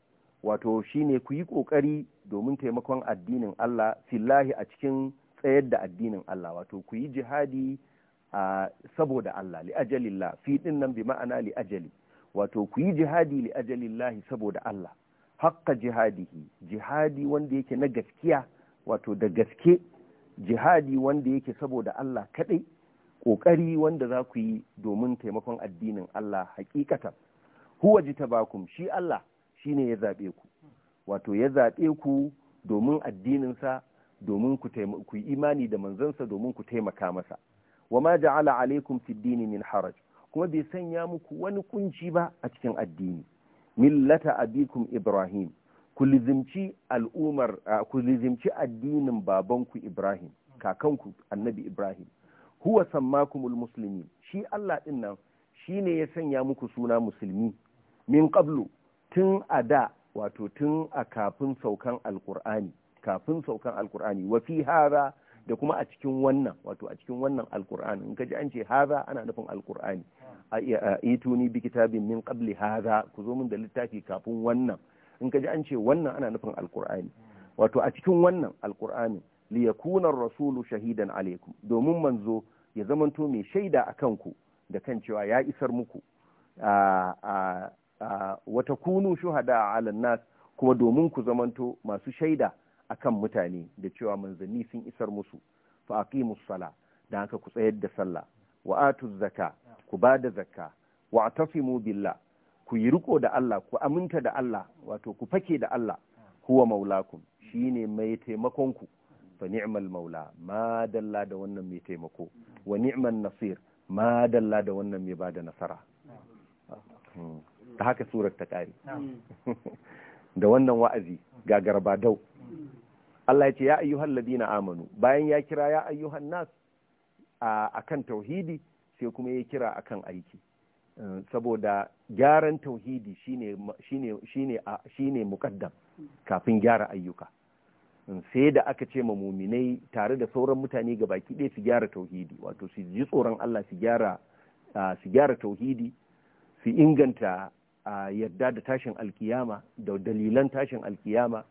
wato shine ku yi kokari domin taimakon addinin Allah fillahi a cikin tsayar da addinin Allah wato ku yi jihadi a saboda Allah li ajalillah fi din nan bi ma'ana li ajali wato ku yi jihadi li ajalillahi saboda Allah haqqa jihadihi jihadi wanda yake na gaskiya wato da gaske jihadi wanda yake saboda Allah kaɗai ƙoƙari wanda za ku yi domin taimakon addinin Allah hakikatan huwa tabakum shi Allah shine ya zaɓe ku wato ya zaɓe ku domin addininsa domin ku yi imani da manzansa domin ku taimaka masa wa ma ja'ala alaikum fiddini dini min haraj kuma bai sanya muku wani kunci ba a cikin addini millata abikum ibrahim ku lizimci al'umar ku addinin babanku Ibrahim kakanku annabi Ibrahim huwa sammakumul muslimin shi Allah din nan ne ya sanya muku suna musulmi min qablu tun a da wato tun a kafin saukan alqur'ani kafin saukan alqur'ani wa fi hada da kuma a cikin wannan wato a cikin wannan alqur'ani in kaji an ce hada ana nufin alqur'ani ituni bi kitabin min qabli hada ku zo min da littafi kafin wannan in ka ji an ce wannan ana nufin alkur'ani wato a cikin wannan alkur'ani li rasulu shahidan alaikum domin manzo ya zamanto mai shaida a kanku da kan cewa ya isar muku wata kunu shuhada a alan nas kuma domin ku zamanto masu shaida akan mutane da cewa manzanni sun isar musu fa mus sala da haka ku tsayar da sallah wa atuz zaka ku da zakka wa atasimu billah ku yi riko da Allah ku aminta da Allah wato ku fake da Allah huwa maulakum shine mai taimakon ku fa ni'mal maula ma dalla da wannan mai taimako wa ni'man nasir ma dalla da wannan mai bada nasara ta haka surar ta kare da wannan wa'azi ga garbadau Allah ya ce ya ayyuhal ladina amanu bayan ya kira ya ayyuhan nas akan tauhidi sai kuma ya kira akan aiki saboda gyaran tauhidi shine mukaddam kafin gyara ayyuka mm, sai da aka ce ma muminai tare da sauran mutane ga baki ɗaya su gyara tauhidi wato su ji tsoron Allah su gyara tauhidi su inganta yarda da tashin alkiyama da dalilan tashin alkiyama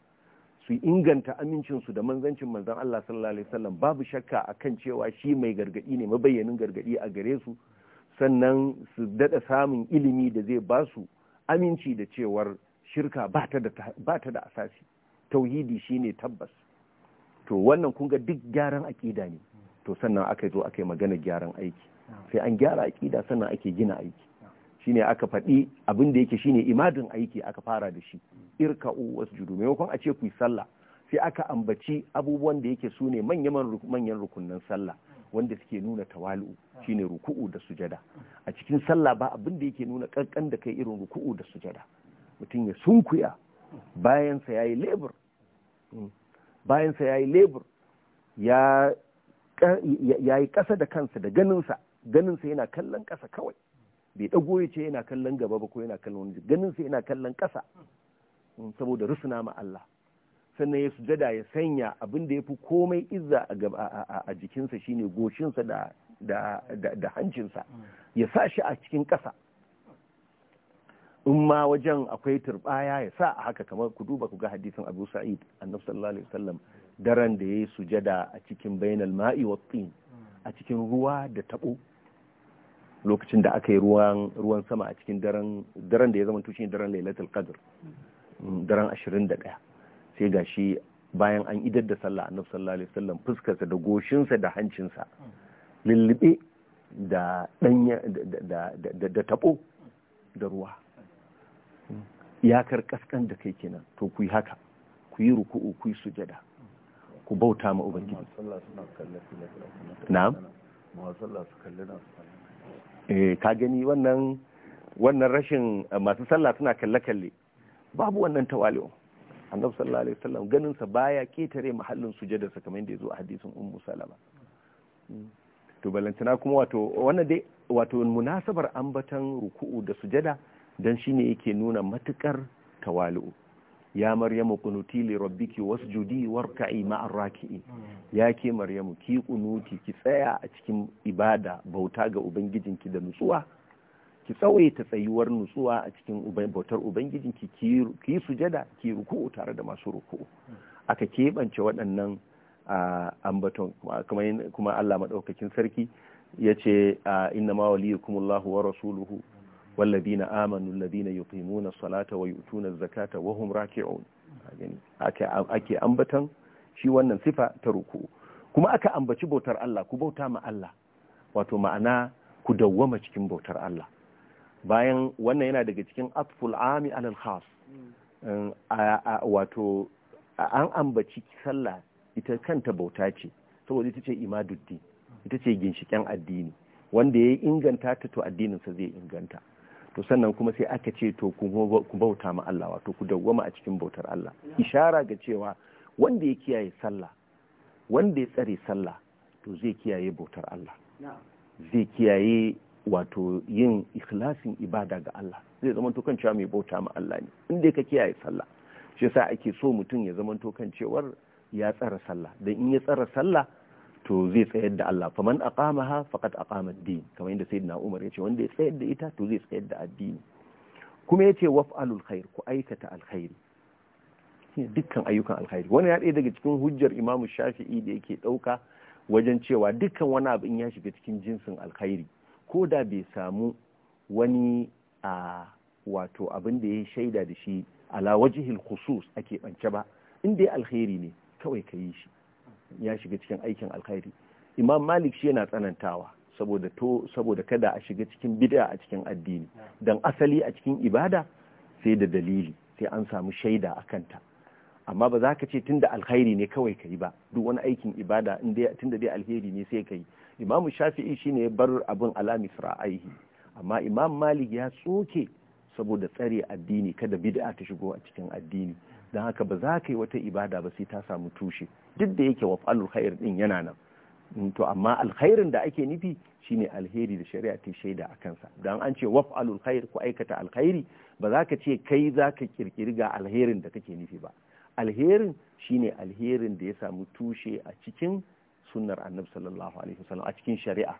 su inganta amincinsu da manzancin manzan Allah sallallahu alaihi wasallam babu shakka akan cewa shi mai gargaɗi ne mabayyanin gargaɗi a gare su sannan su dada samun ilimi da zai ba su aminci da cewar shirka ba ta da asasi tauhidi shine tabbas to wannan kun duk gyaran aƙida ne to sannan aka zo aka yi magana gyaran aiki sai an gyara aƙida sannan ake gina aiki shine aka faɗi abinda da yake shine imadin aiki aka fara da shi Irka irka'u judu maimakon a ce ku yi sallah sai aka ambaci abubuwan da yake su ne manyan rukunin sallah wanda suke nuna tawali'u shine ruku'u da sujada a cikin sallah ba abin da yake nuna kankan da kai irin ruku'u da sujada mutum ya sunkuya bayansa yayi lebur hmm, bayansa yayi lebur ya yayi kasa da kansa da ganinsa ganinsa yana kallon kasa kawai bai dago ya ce yana kallon gaba ba ko yana kallon ganinsa yana kallon kasa hmm, saboda rusuna ma Allah sannan ya sujada ya sanya abin da ya fi komai izza a jikinsa shine goshinsa da hancinsa ya sa shi a cikin ƙasa in ma wajen akwai turbaya ya sa a haka kamar ku duba ku ga hadisin Abu Sa'id annabi sallallahu alaihi wasallam daren da yayi sujada a cikin bainal ma'i wa tin a cikin ruwa da taɓo lokacin da aka yi ruwan sama a cikin daren da ya zama tushen daren Lailatul Qadr mm, daren da ɗaya. sai gashi bayan an idar da sallah annabi sallallahu alaihi wasallam fuskarsa da goshinsa da hancinsa lullube da danya da tabo da ruwa iyakar karkaskan da kai kenan to ku yi haka ku yi ruku'u ku yi sujada ku bauta ma ubangiji na'am eh ka gani wannan wannan rashin masu sallah suna kalle kalle babu wannan tawali'u annabi sallallahu alaihi wasallam ganin sa baya ketare mahallin sa kamar yadda yazo a hadisin ummu salama hmm. to balantana kuma wato wannan dai wato munasabar ambatan ruku'u da sujada dan shine yake nuna matukar tawali'u ya maryamu qunuti li rabbiki wasjudi warka'i ma raki'i hmm. ya ke maryamu ki kunuti ki tsaya a cikin ibada bauta ga ubangijinki da nutsuwa ki ta tsayuwar nutsuwa a cikin bautar Ubangijin ki yi sujada ki ruku tare da masu ruku. aka keɓance waɗannan ambaton kuma Allah maɗaukakin sarki ya ce inna ma waliyukumullahu wa rasuluhu والذين yuqimuna salata wa yutuna zakata wa hum raki'un ake ambaton shi wannan sifa ta ruku kuma aka ambaci bautar Allah ku bauta ma Allah wato ma'ana ku dawwama cikin bautar Allah bayan wannan yana daga cikin atful ami alal khas hmm. eh, wato an ambaci sallah ita kanta bauta ce saboda ita ce imaduddi, ita ce ginshiken addini wanda ya inganta ta to addininsa zai inganta to sannan kuma sai aka ce to ku bauta ma Allah wato ku dawwama a cikin bautar Allah hmm. ishara ga cewa wanda ya kiyaye sallah wanda ya tsare sallah to zai kiyaye bautar Allah zai kiyaye wato yin ikhlasin ibada ga Allah zai zama to cewa mai bauta ma Allah ne inda ka kiyaye sallah shi yasa ake so mutum ya zama to cewar ya tsara sallah dan in ya tsara sallah to zai tsayar da Allah faman aqamaha faqad aqama ad-din kamar yadda sayyidina Umar yace wanda ya tsayar da ita to zai tsayar da addini kuma yace waf'alul khair ku aikata alkhairi dukkan ayyukan alkhairi wani ya ɗaya daga cikin hujjar imamu shafi'i da yake ɗauka wajen cewa dukkan wani abu in ya shiga cikin jinsin alkhairi ko da bai samu wani a wato abin da ya shaida da shi ala wajihil khusus a bance ba in dai alkhairi ne kawai ka yi shi ya shiga cikin aikin alkhairi imam malik shi yana tsanantawa saboda to saboda kada a shiga cikin bid'a a cikin addini dan asali a cikin ibada sai da dalili sai an samu shaida a kanta amma ba za ka ce tunda alkhairi ne kawai ka yi ba duk wani aikin ibada in tunda dai alheri ne sai ka yi Imamu shafi'i shine ya bar abin alami ra'ayi amma imam malik ya tsoke saboda tsare addini kada bid'a ta shigo a cikin addini Dan haka ba za ka yi wata ibada ba sai ta samu tushe duk da yake wafalul khair din yana nan mm, to amma alkhairin da ake nufi shine alheri da shari'a ta shaida a kansa Dan an ce wafalul khair ku aikata alkhairi ba za ka ce kai za ka kirkiri ga alherin da kake nufi ba alherin shine alherin da ya samu tushe a cikin sunnar annabi sallallahu alaihi wasallam a cikin shari'a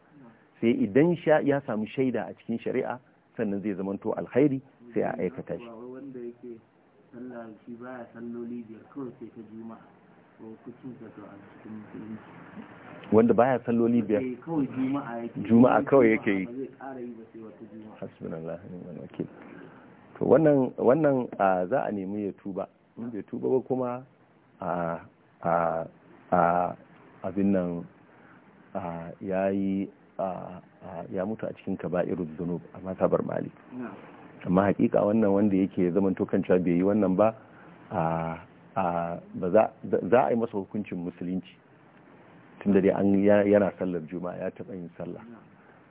sai idan sha ya samu shaida a cikin shari'a sannan zai zama to alkhairi sai a aikata shi wanda yake sallah shi baya salloli biyar kawai sai ta juma'a wanda baya salloli biyar eh, juma'a kawai yake yi hasbunallah ni'mal wakil to wannan wannan za a nemi ya tuba in bai tuba ba kuma a a a abin nan ya yi ya mutu a cikin kaba'ir zunub a masabar mali amma hakika wannan wanda yake zaman tokan bai yi wannan ba za a yi masa hukuncin musulunci tun da dai yana sallar juma'a ya taɓa yin sallah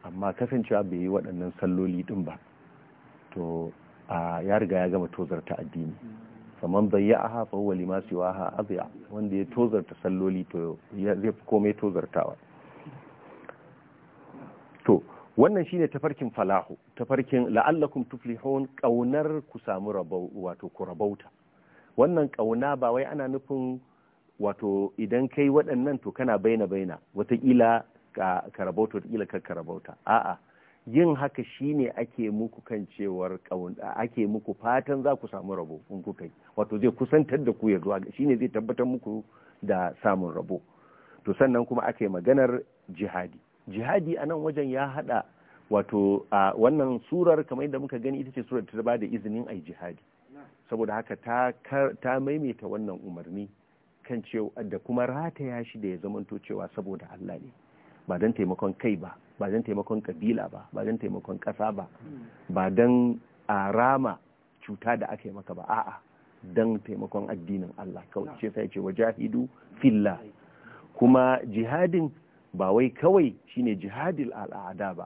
amma kasancewa bai yi waɗannan salloli ɗin ba to ya riga ya gama tozarta addini mm. faman dayya'aha fa huwa lima siwaha adya wanda ya tozarta salloli to zai komai tozartawa to wannan shine tafarkin falahu tafarkin la'allakum tuflihun kaunar ku samu wato ku rabauta wannan kauna ba wai ana nufin wato idan kai waɗannan to kana baina baina Wataƙila ka rabauta wataƙila ka rabauta a'a yin haka shine ake muku kan cewar ake muku fatan za ku samu rabo in kuka yi wato zai kusantar da ku ya zuwa shine zai tabbatar muku da samun rabo to sannan kuma ake maganar jihadi jihadi a nan wajen ya hada wato a wannan surar kamar yadda muka gani ita ce surar ta ba da izinin ai jihadi saboda haka ta ta maimaita wannan umarni kan cewa da kuma rataya shi da ya zamanto cewa saboda Allah ne ba don taimakon kai ba ba don taimakon kabila ba ba don taimakon ƙasa ba hmm. ba don a rama cuta da aka yi maka ba a'a don taimakon addinin Allah kawai ce sai ce wajahidu filla. kuma jihadin ba wai kawai shine jihadil al'ada ba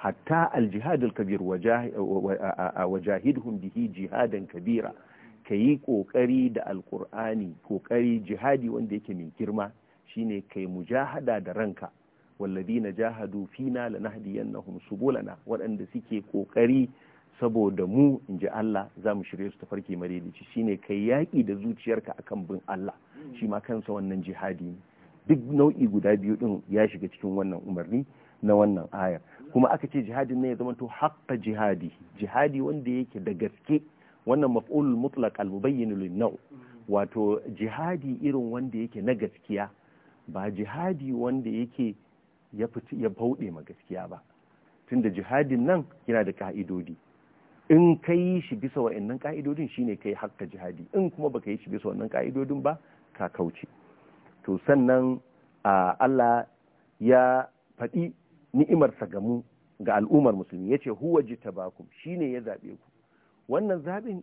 hatta aljihadul kabir wajahidhum bihi jihadan kabira kayi kokari da alkur'ani kokari jihadi wanda yake mai girma shine kai mujahada da ranka walladina jahadu fina lanahdiyannahum subulana waɗanda suke kokari saboda mu in ji Allah za mu shirye su tafarki madaidaici shine kai yaƙi da zuciyarka akan bin Allah shi ma kansa wannan jihadi ne duk nau'i guda biyu din ya shiga cikin wannan umarni na wannan ayar kuma aka ce jihadin ne ya zama to haqqa jihadi jihadi wanda yake da gaske wannan maf'ul mutlaq al mubayyin lin naw wato jihadi irin wanda yake na gaskiya ba jihadi wanda yake ya fice ya bauɗe ma gaskiya ba tunda jihadin nan yana da ka'idodi in ka yi shi bisa wa'annan ka'idodin shine kai hakka jihadi in kuma ba ka yi shi bisa wannan ka'idodin ba ka kauce to sannan Allah ya faɗi ni'imarsa ga mu ga al'ummar musulmi ya yace huwa jitabakum shine ya zabe ku wannan zaɓin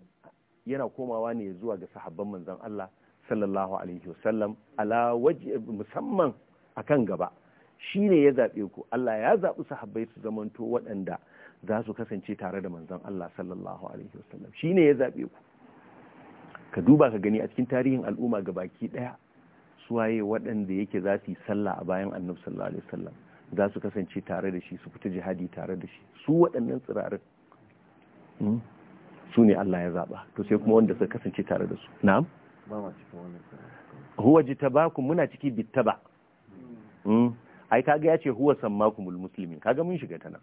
yana komawa ne zuwa ga sahabban manzon Allah sallallahu alaihi wasallam ala waje musamman akan gaba shi ne ya zaɓe ku Allah ya zaɓi habbai su zamanto waɗanda za su kasance tare da manzon Allah sallallahu alaihi wasallam shi ne ya zaɓe ku ka duba ka gani a cikin tarihin al'umma ga baki ɗaya waye waɗanda yake za su yi sallah a bayan annabi sallallahu alaihi wasallam za su kasance tare da shi su fita jihadi tare da shi su waɗannan tsirarin hmm? su ne Allah ya zaɓa to sai kuma wanda suka kasance tare da su na'am ba ma cikin wannan huwa jitabakum muna ciki bittaba hmm? ai kaga ya ce huwa sammakumul muslimin kaga mun shiga ta nan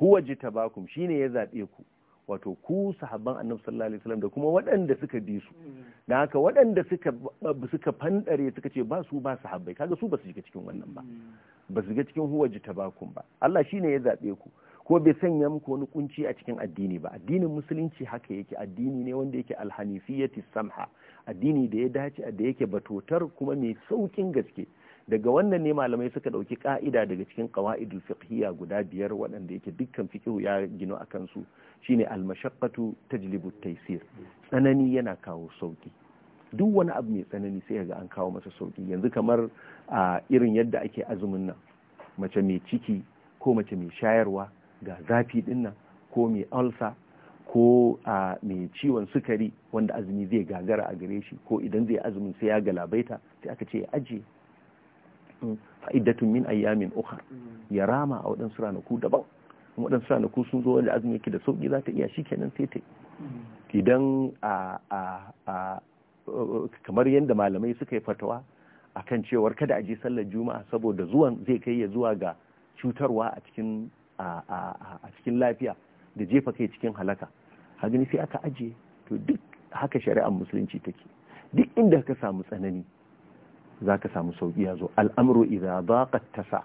huwa jitabakum shine ya zabe ku wato ku sahabban annabi sallallahu alaihi wasallam da kuma waɗanda suka bi su dan haka waɗanda suka suka fandare suka ce ba su ba sahabbai kaga su ba su shiga cikin wannan ba ba su shiga cikin huwa jitabakum ba Allah shine ya zabe ku ko bai sanya muku wani kunci a cikin addini ba addinin musulunci haka yake addini ne wanda yake alhanifiyati samha addini da ya dace da yake batotar kuma mai saukin gaske daga wannan ne malamai suka ɗauki ka'ida daga cikin qawaidul fiqhiyya guda biyar waɗanda yake dukkan fiqhu ya gino a kansu shine al-mashaqqatu tajlibu taysir tsanani yana kawo sauki duk wani abu mai tsanani sai ga an kawo masa sauki yanzu kamar a irin yadda ake azumin nan mace mai ciki ko mace mai shayarwa ga zafi dinnan ko mai alsa ko a mai ciwon sukari wanda azumi zai gagara a gare shi ko idan zai azumin sai ya galabaita sai aka ce ya ajiye Mm. fa'idatun min ayyamin ukhar mm. ya rama a waɗansu ranaku daban waɗansu ranaku sun zo wanda azumi yake da sauƙi za ta iya shi kenan sai ta mm. idan a kamar yadda malamai suka yi fatawa a kan cewar kada a je sallar juma'a saboda zuwan zai kai ya zuwa ga cutarwa a cikin lafiya da jefa kai cikin halaka hagani sai aka ajiye to duk haka shari'ar musulunci take duk inda ka samu tsanani za ka samu sauƙi ya zo al'amuru idan ba ka tasa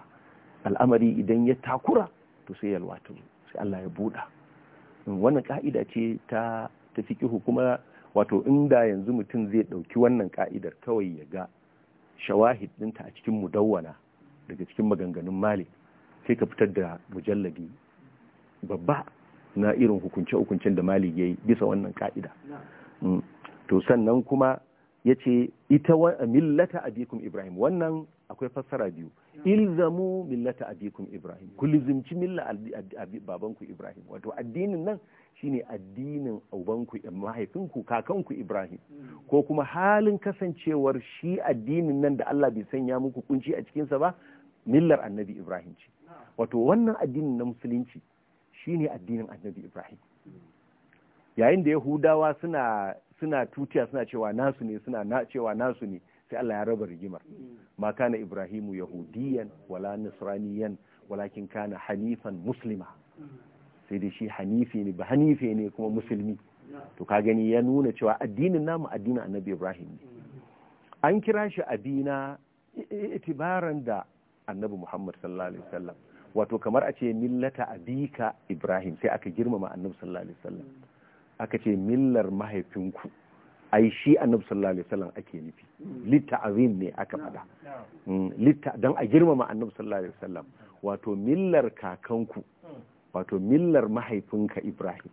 al'amari idan ya takura to sai zo sai Allah ya buɗa wannan ƙa'ida ce ta fi kihu, kuma wato inda yanzu mutum zai ɗauki wannan ƙa'idar kawai ya ga shawahid ɗinta a cikin mudawwana daga cikin maganganun malik sai ka fitar da mujallabi babba na irin hukunce-hukuncen da malik ya yi bisa wannan ƙa'ida, mm. to sannan kuma ya ce ita wa millata abikum ibrahim wannan akwai fassara biyu ilzamu millata abikum ibrahim ku lizimci milla babanku ibrahim wato addinin nan shine addinin ubanku mahaifinku kakanku ibrahim mm. ko kuma halin kasancewar shi addinin nan da Allah bai sanya muku kunci a cikinsa ba millar annabi ibrahim ce ah. wato wannan addinin na musulunci shine addinin annabi ibrahim mm. yayin da yahudawa suna suna tutiya suna cewa nasu ne suna na cewa nasu ne sai Allah ya raba rigimar mm. ma kana ibrahimu yahudiyan wala nasraniyan walakin kana hanifan muslima mm. sai da shi hanifi ne ba hanife ne kuma musulmi to ka gani ya nuna cewa addinin namu addinin annabi ibrahim ne mm. an kira shi abina itibaran da annabi muhammad sallallahu alaihi wasallam wato kamar a ce millata abika ibrahim sai aka girmama annabi sallallahu alaihi wasallam aka ce millar mahaifinku ai shi annabi sallallahu alaihi wasallam ake nufi Litta litta'azim ne aka fada mm, litta dan a girmama annabi sallallahu alaihi wasallam wato millar kakanku hmm. wato millar mahaifinka Ibrahim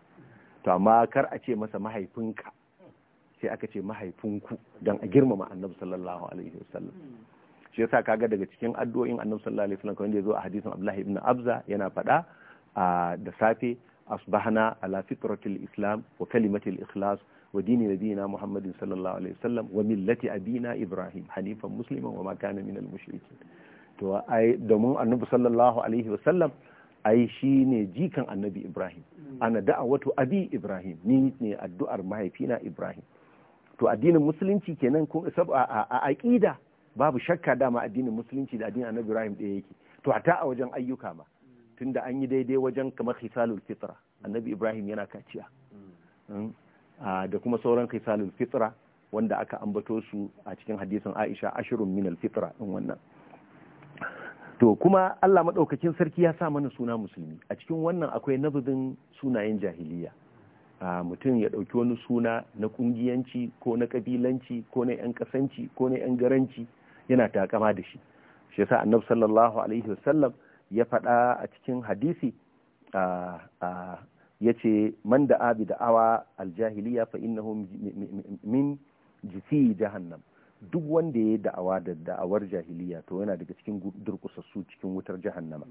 to amma kar a ce masa mahaifinka sai aka ce mahaifinku dan a girmama annabi sallallahu alaihi wasallam hmm. shi yasa kaga daga cikin addu'o'in annabi sallallahu alaihi wasallam kamar da yazo a hadisin Abdullahi ibn Abza yana fada da safe asbahna ala fitratil islam wa kalimatil ikhlas wa dini nabiyina muhammadin sallallahu alaihi wasallam wa millati abina ibrahim hanifan musliman wa ma kana to ai domin annabi sallallahu alaihi wa sallam ai shi ne jikan annabi ibrahim ana da'awatu abi ibrahim ni ne addu'ar mahaifina ibrahim to addinin musulunci kenan ko a aqida babu shakka dama addinin musulunci da addinin annabi ibrahim ɗaya yake to hata a wajen ayyuka ma da an yi daidai wajen kamar khisalul fitra annabi ibrahim yana kaciya hmm? ah, da kuma sauran hisalul fitra wanda aka ambato su a cikin hadisin aisha ashirin min fitra din wannan to kuma allah maɗaukakin sarki ya sa mana suna musulmi a cikin wannan akwai nazubin sunayen jahiliya ah, mutum ya ɗauki wani suna na ƙungiyanci ko na ƙabilanci ko na 'yan ƙasanci ko na 'yan garanci yana takama da shi shi yasa annabi sallallahu alaihi wasallam ya faɗa a cikin hadisi ya ce man da abi da awa aljahiliya fa innahu min jisi jahannam duk wanda ya da'awa da da'awar jahiliya to yana daga cikin durkusassu cikin wutar jahannama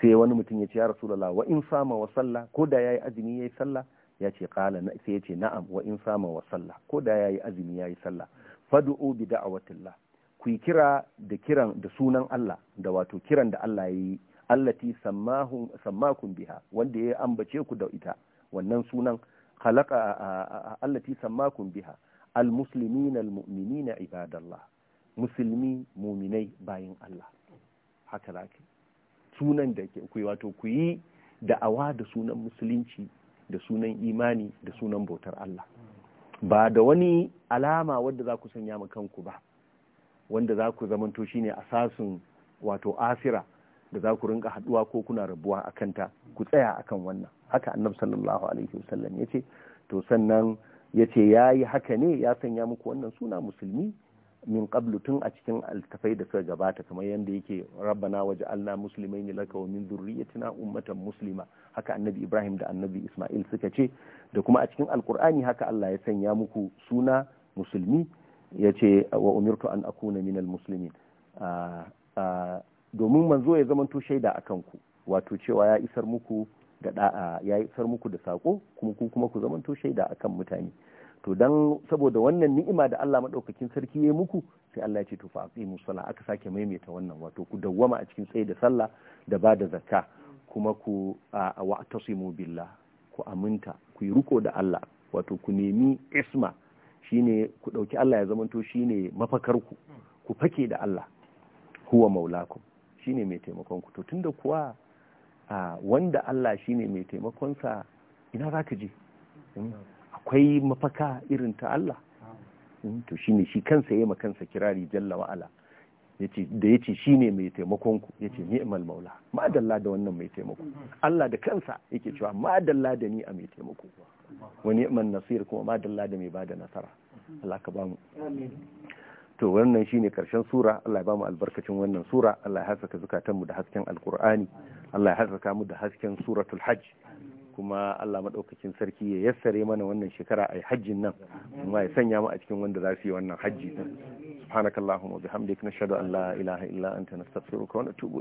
sai wani mutum ya ce ya rasulallah wa in sama wa sallah ko da yayi azumi yayi sallah ya ce ƙala sai ya ce na'am wa in sama wa sallah ko da yayi azumi yayi sallah fad'u bi da'awatillah ku kira da kiran da sunan Allah da wato kiran da Allah ya yi allati sammahu biha wanda ya ambace ku da ita wannan sunan khalaqa allati sammakun biha almuslimina almu'minina ibadallah musulmi muminai bayin Allah haka zaki sunan da ke ku wato ku yi da'awa da sunan musulunci da sunan imani da sunan bautar Allah ba da wani alama wadda za ku sanya ma kanku ba wanda za ku zamanto shine asasin wato asira da za ku rinka haduwa ko kuna rabuwa a kanta ku tsaya a kan wannan haka annabi sallallahu alaihi wasallam ya ce to sannan ya ce ya yi haka ne ya sanya muku wannan suna musulmi min qablu tun a cikin altafai da suka gabata kamar yadda yake rabbana waje allah musulmai ne laka wa min zurriyatina ummatan muslima haka annabi ibrahim da annabi isma'il suka ce da kuma a cikin alkur'ani haka allah ya sanya muku suna musulmi ya ce wa umirtu an akuna minal muslimin ah, ah, domin manzo ya zamanto shaida a kanku wato cewa ya isar muku da da'a ya isar muku da sako kuma ku kuma ku zamanto shaida akan mutane to dan saboda wannan ni'ima da Allah madaukakin sarki ya muku sai Allah ya ce to fa aqimu aka sake maimaita wannan wato ku dawwama a cikin tsaye da sallah da ba da zakka kuma ku wa'tasimu billah ku aminta ku yi riko da Allah wato ku nemi isma shine ku dauki Allah ya zamanto shine mafakarku ku fake da Allah huwa maulakum shine mai taimakon ku to tunda kuwa wanda Allah shine mai taimakon sa ina zaka je hmm? akwai mafaka irin ta Allah hmm? to shine shi kansa yayi kansa kirari jalla wa ala yace da yace shine mai taimakon ku yace ni'mal maula madalla da wannan mai taimako Allah da kansa yake cewa madalla da ni a mai taimako wa ni'man nasir kuma madalla da mai bada nasara Allah ka ba mu amin to wannan shine karshen sura Allah ya bamu albarkacin wannan sura Allah ya hasaka zukatanmu da hasken alkur'ani Allah ya hasaka mu da hasken suratul hajj kuma Allah madaukakin sarki ya yassare mana wannan shekara ai hajjin nan kuma ya sanya mu a cikin wanda za su yi wannan hajji subhanakallahumma wa bihamdika nashhadu an la ilaha illa anta nastaghfiruka wa natubu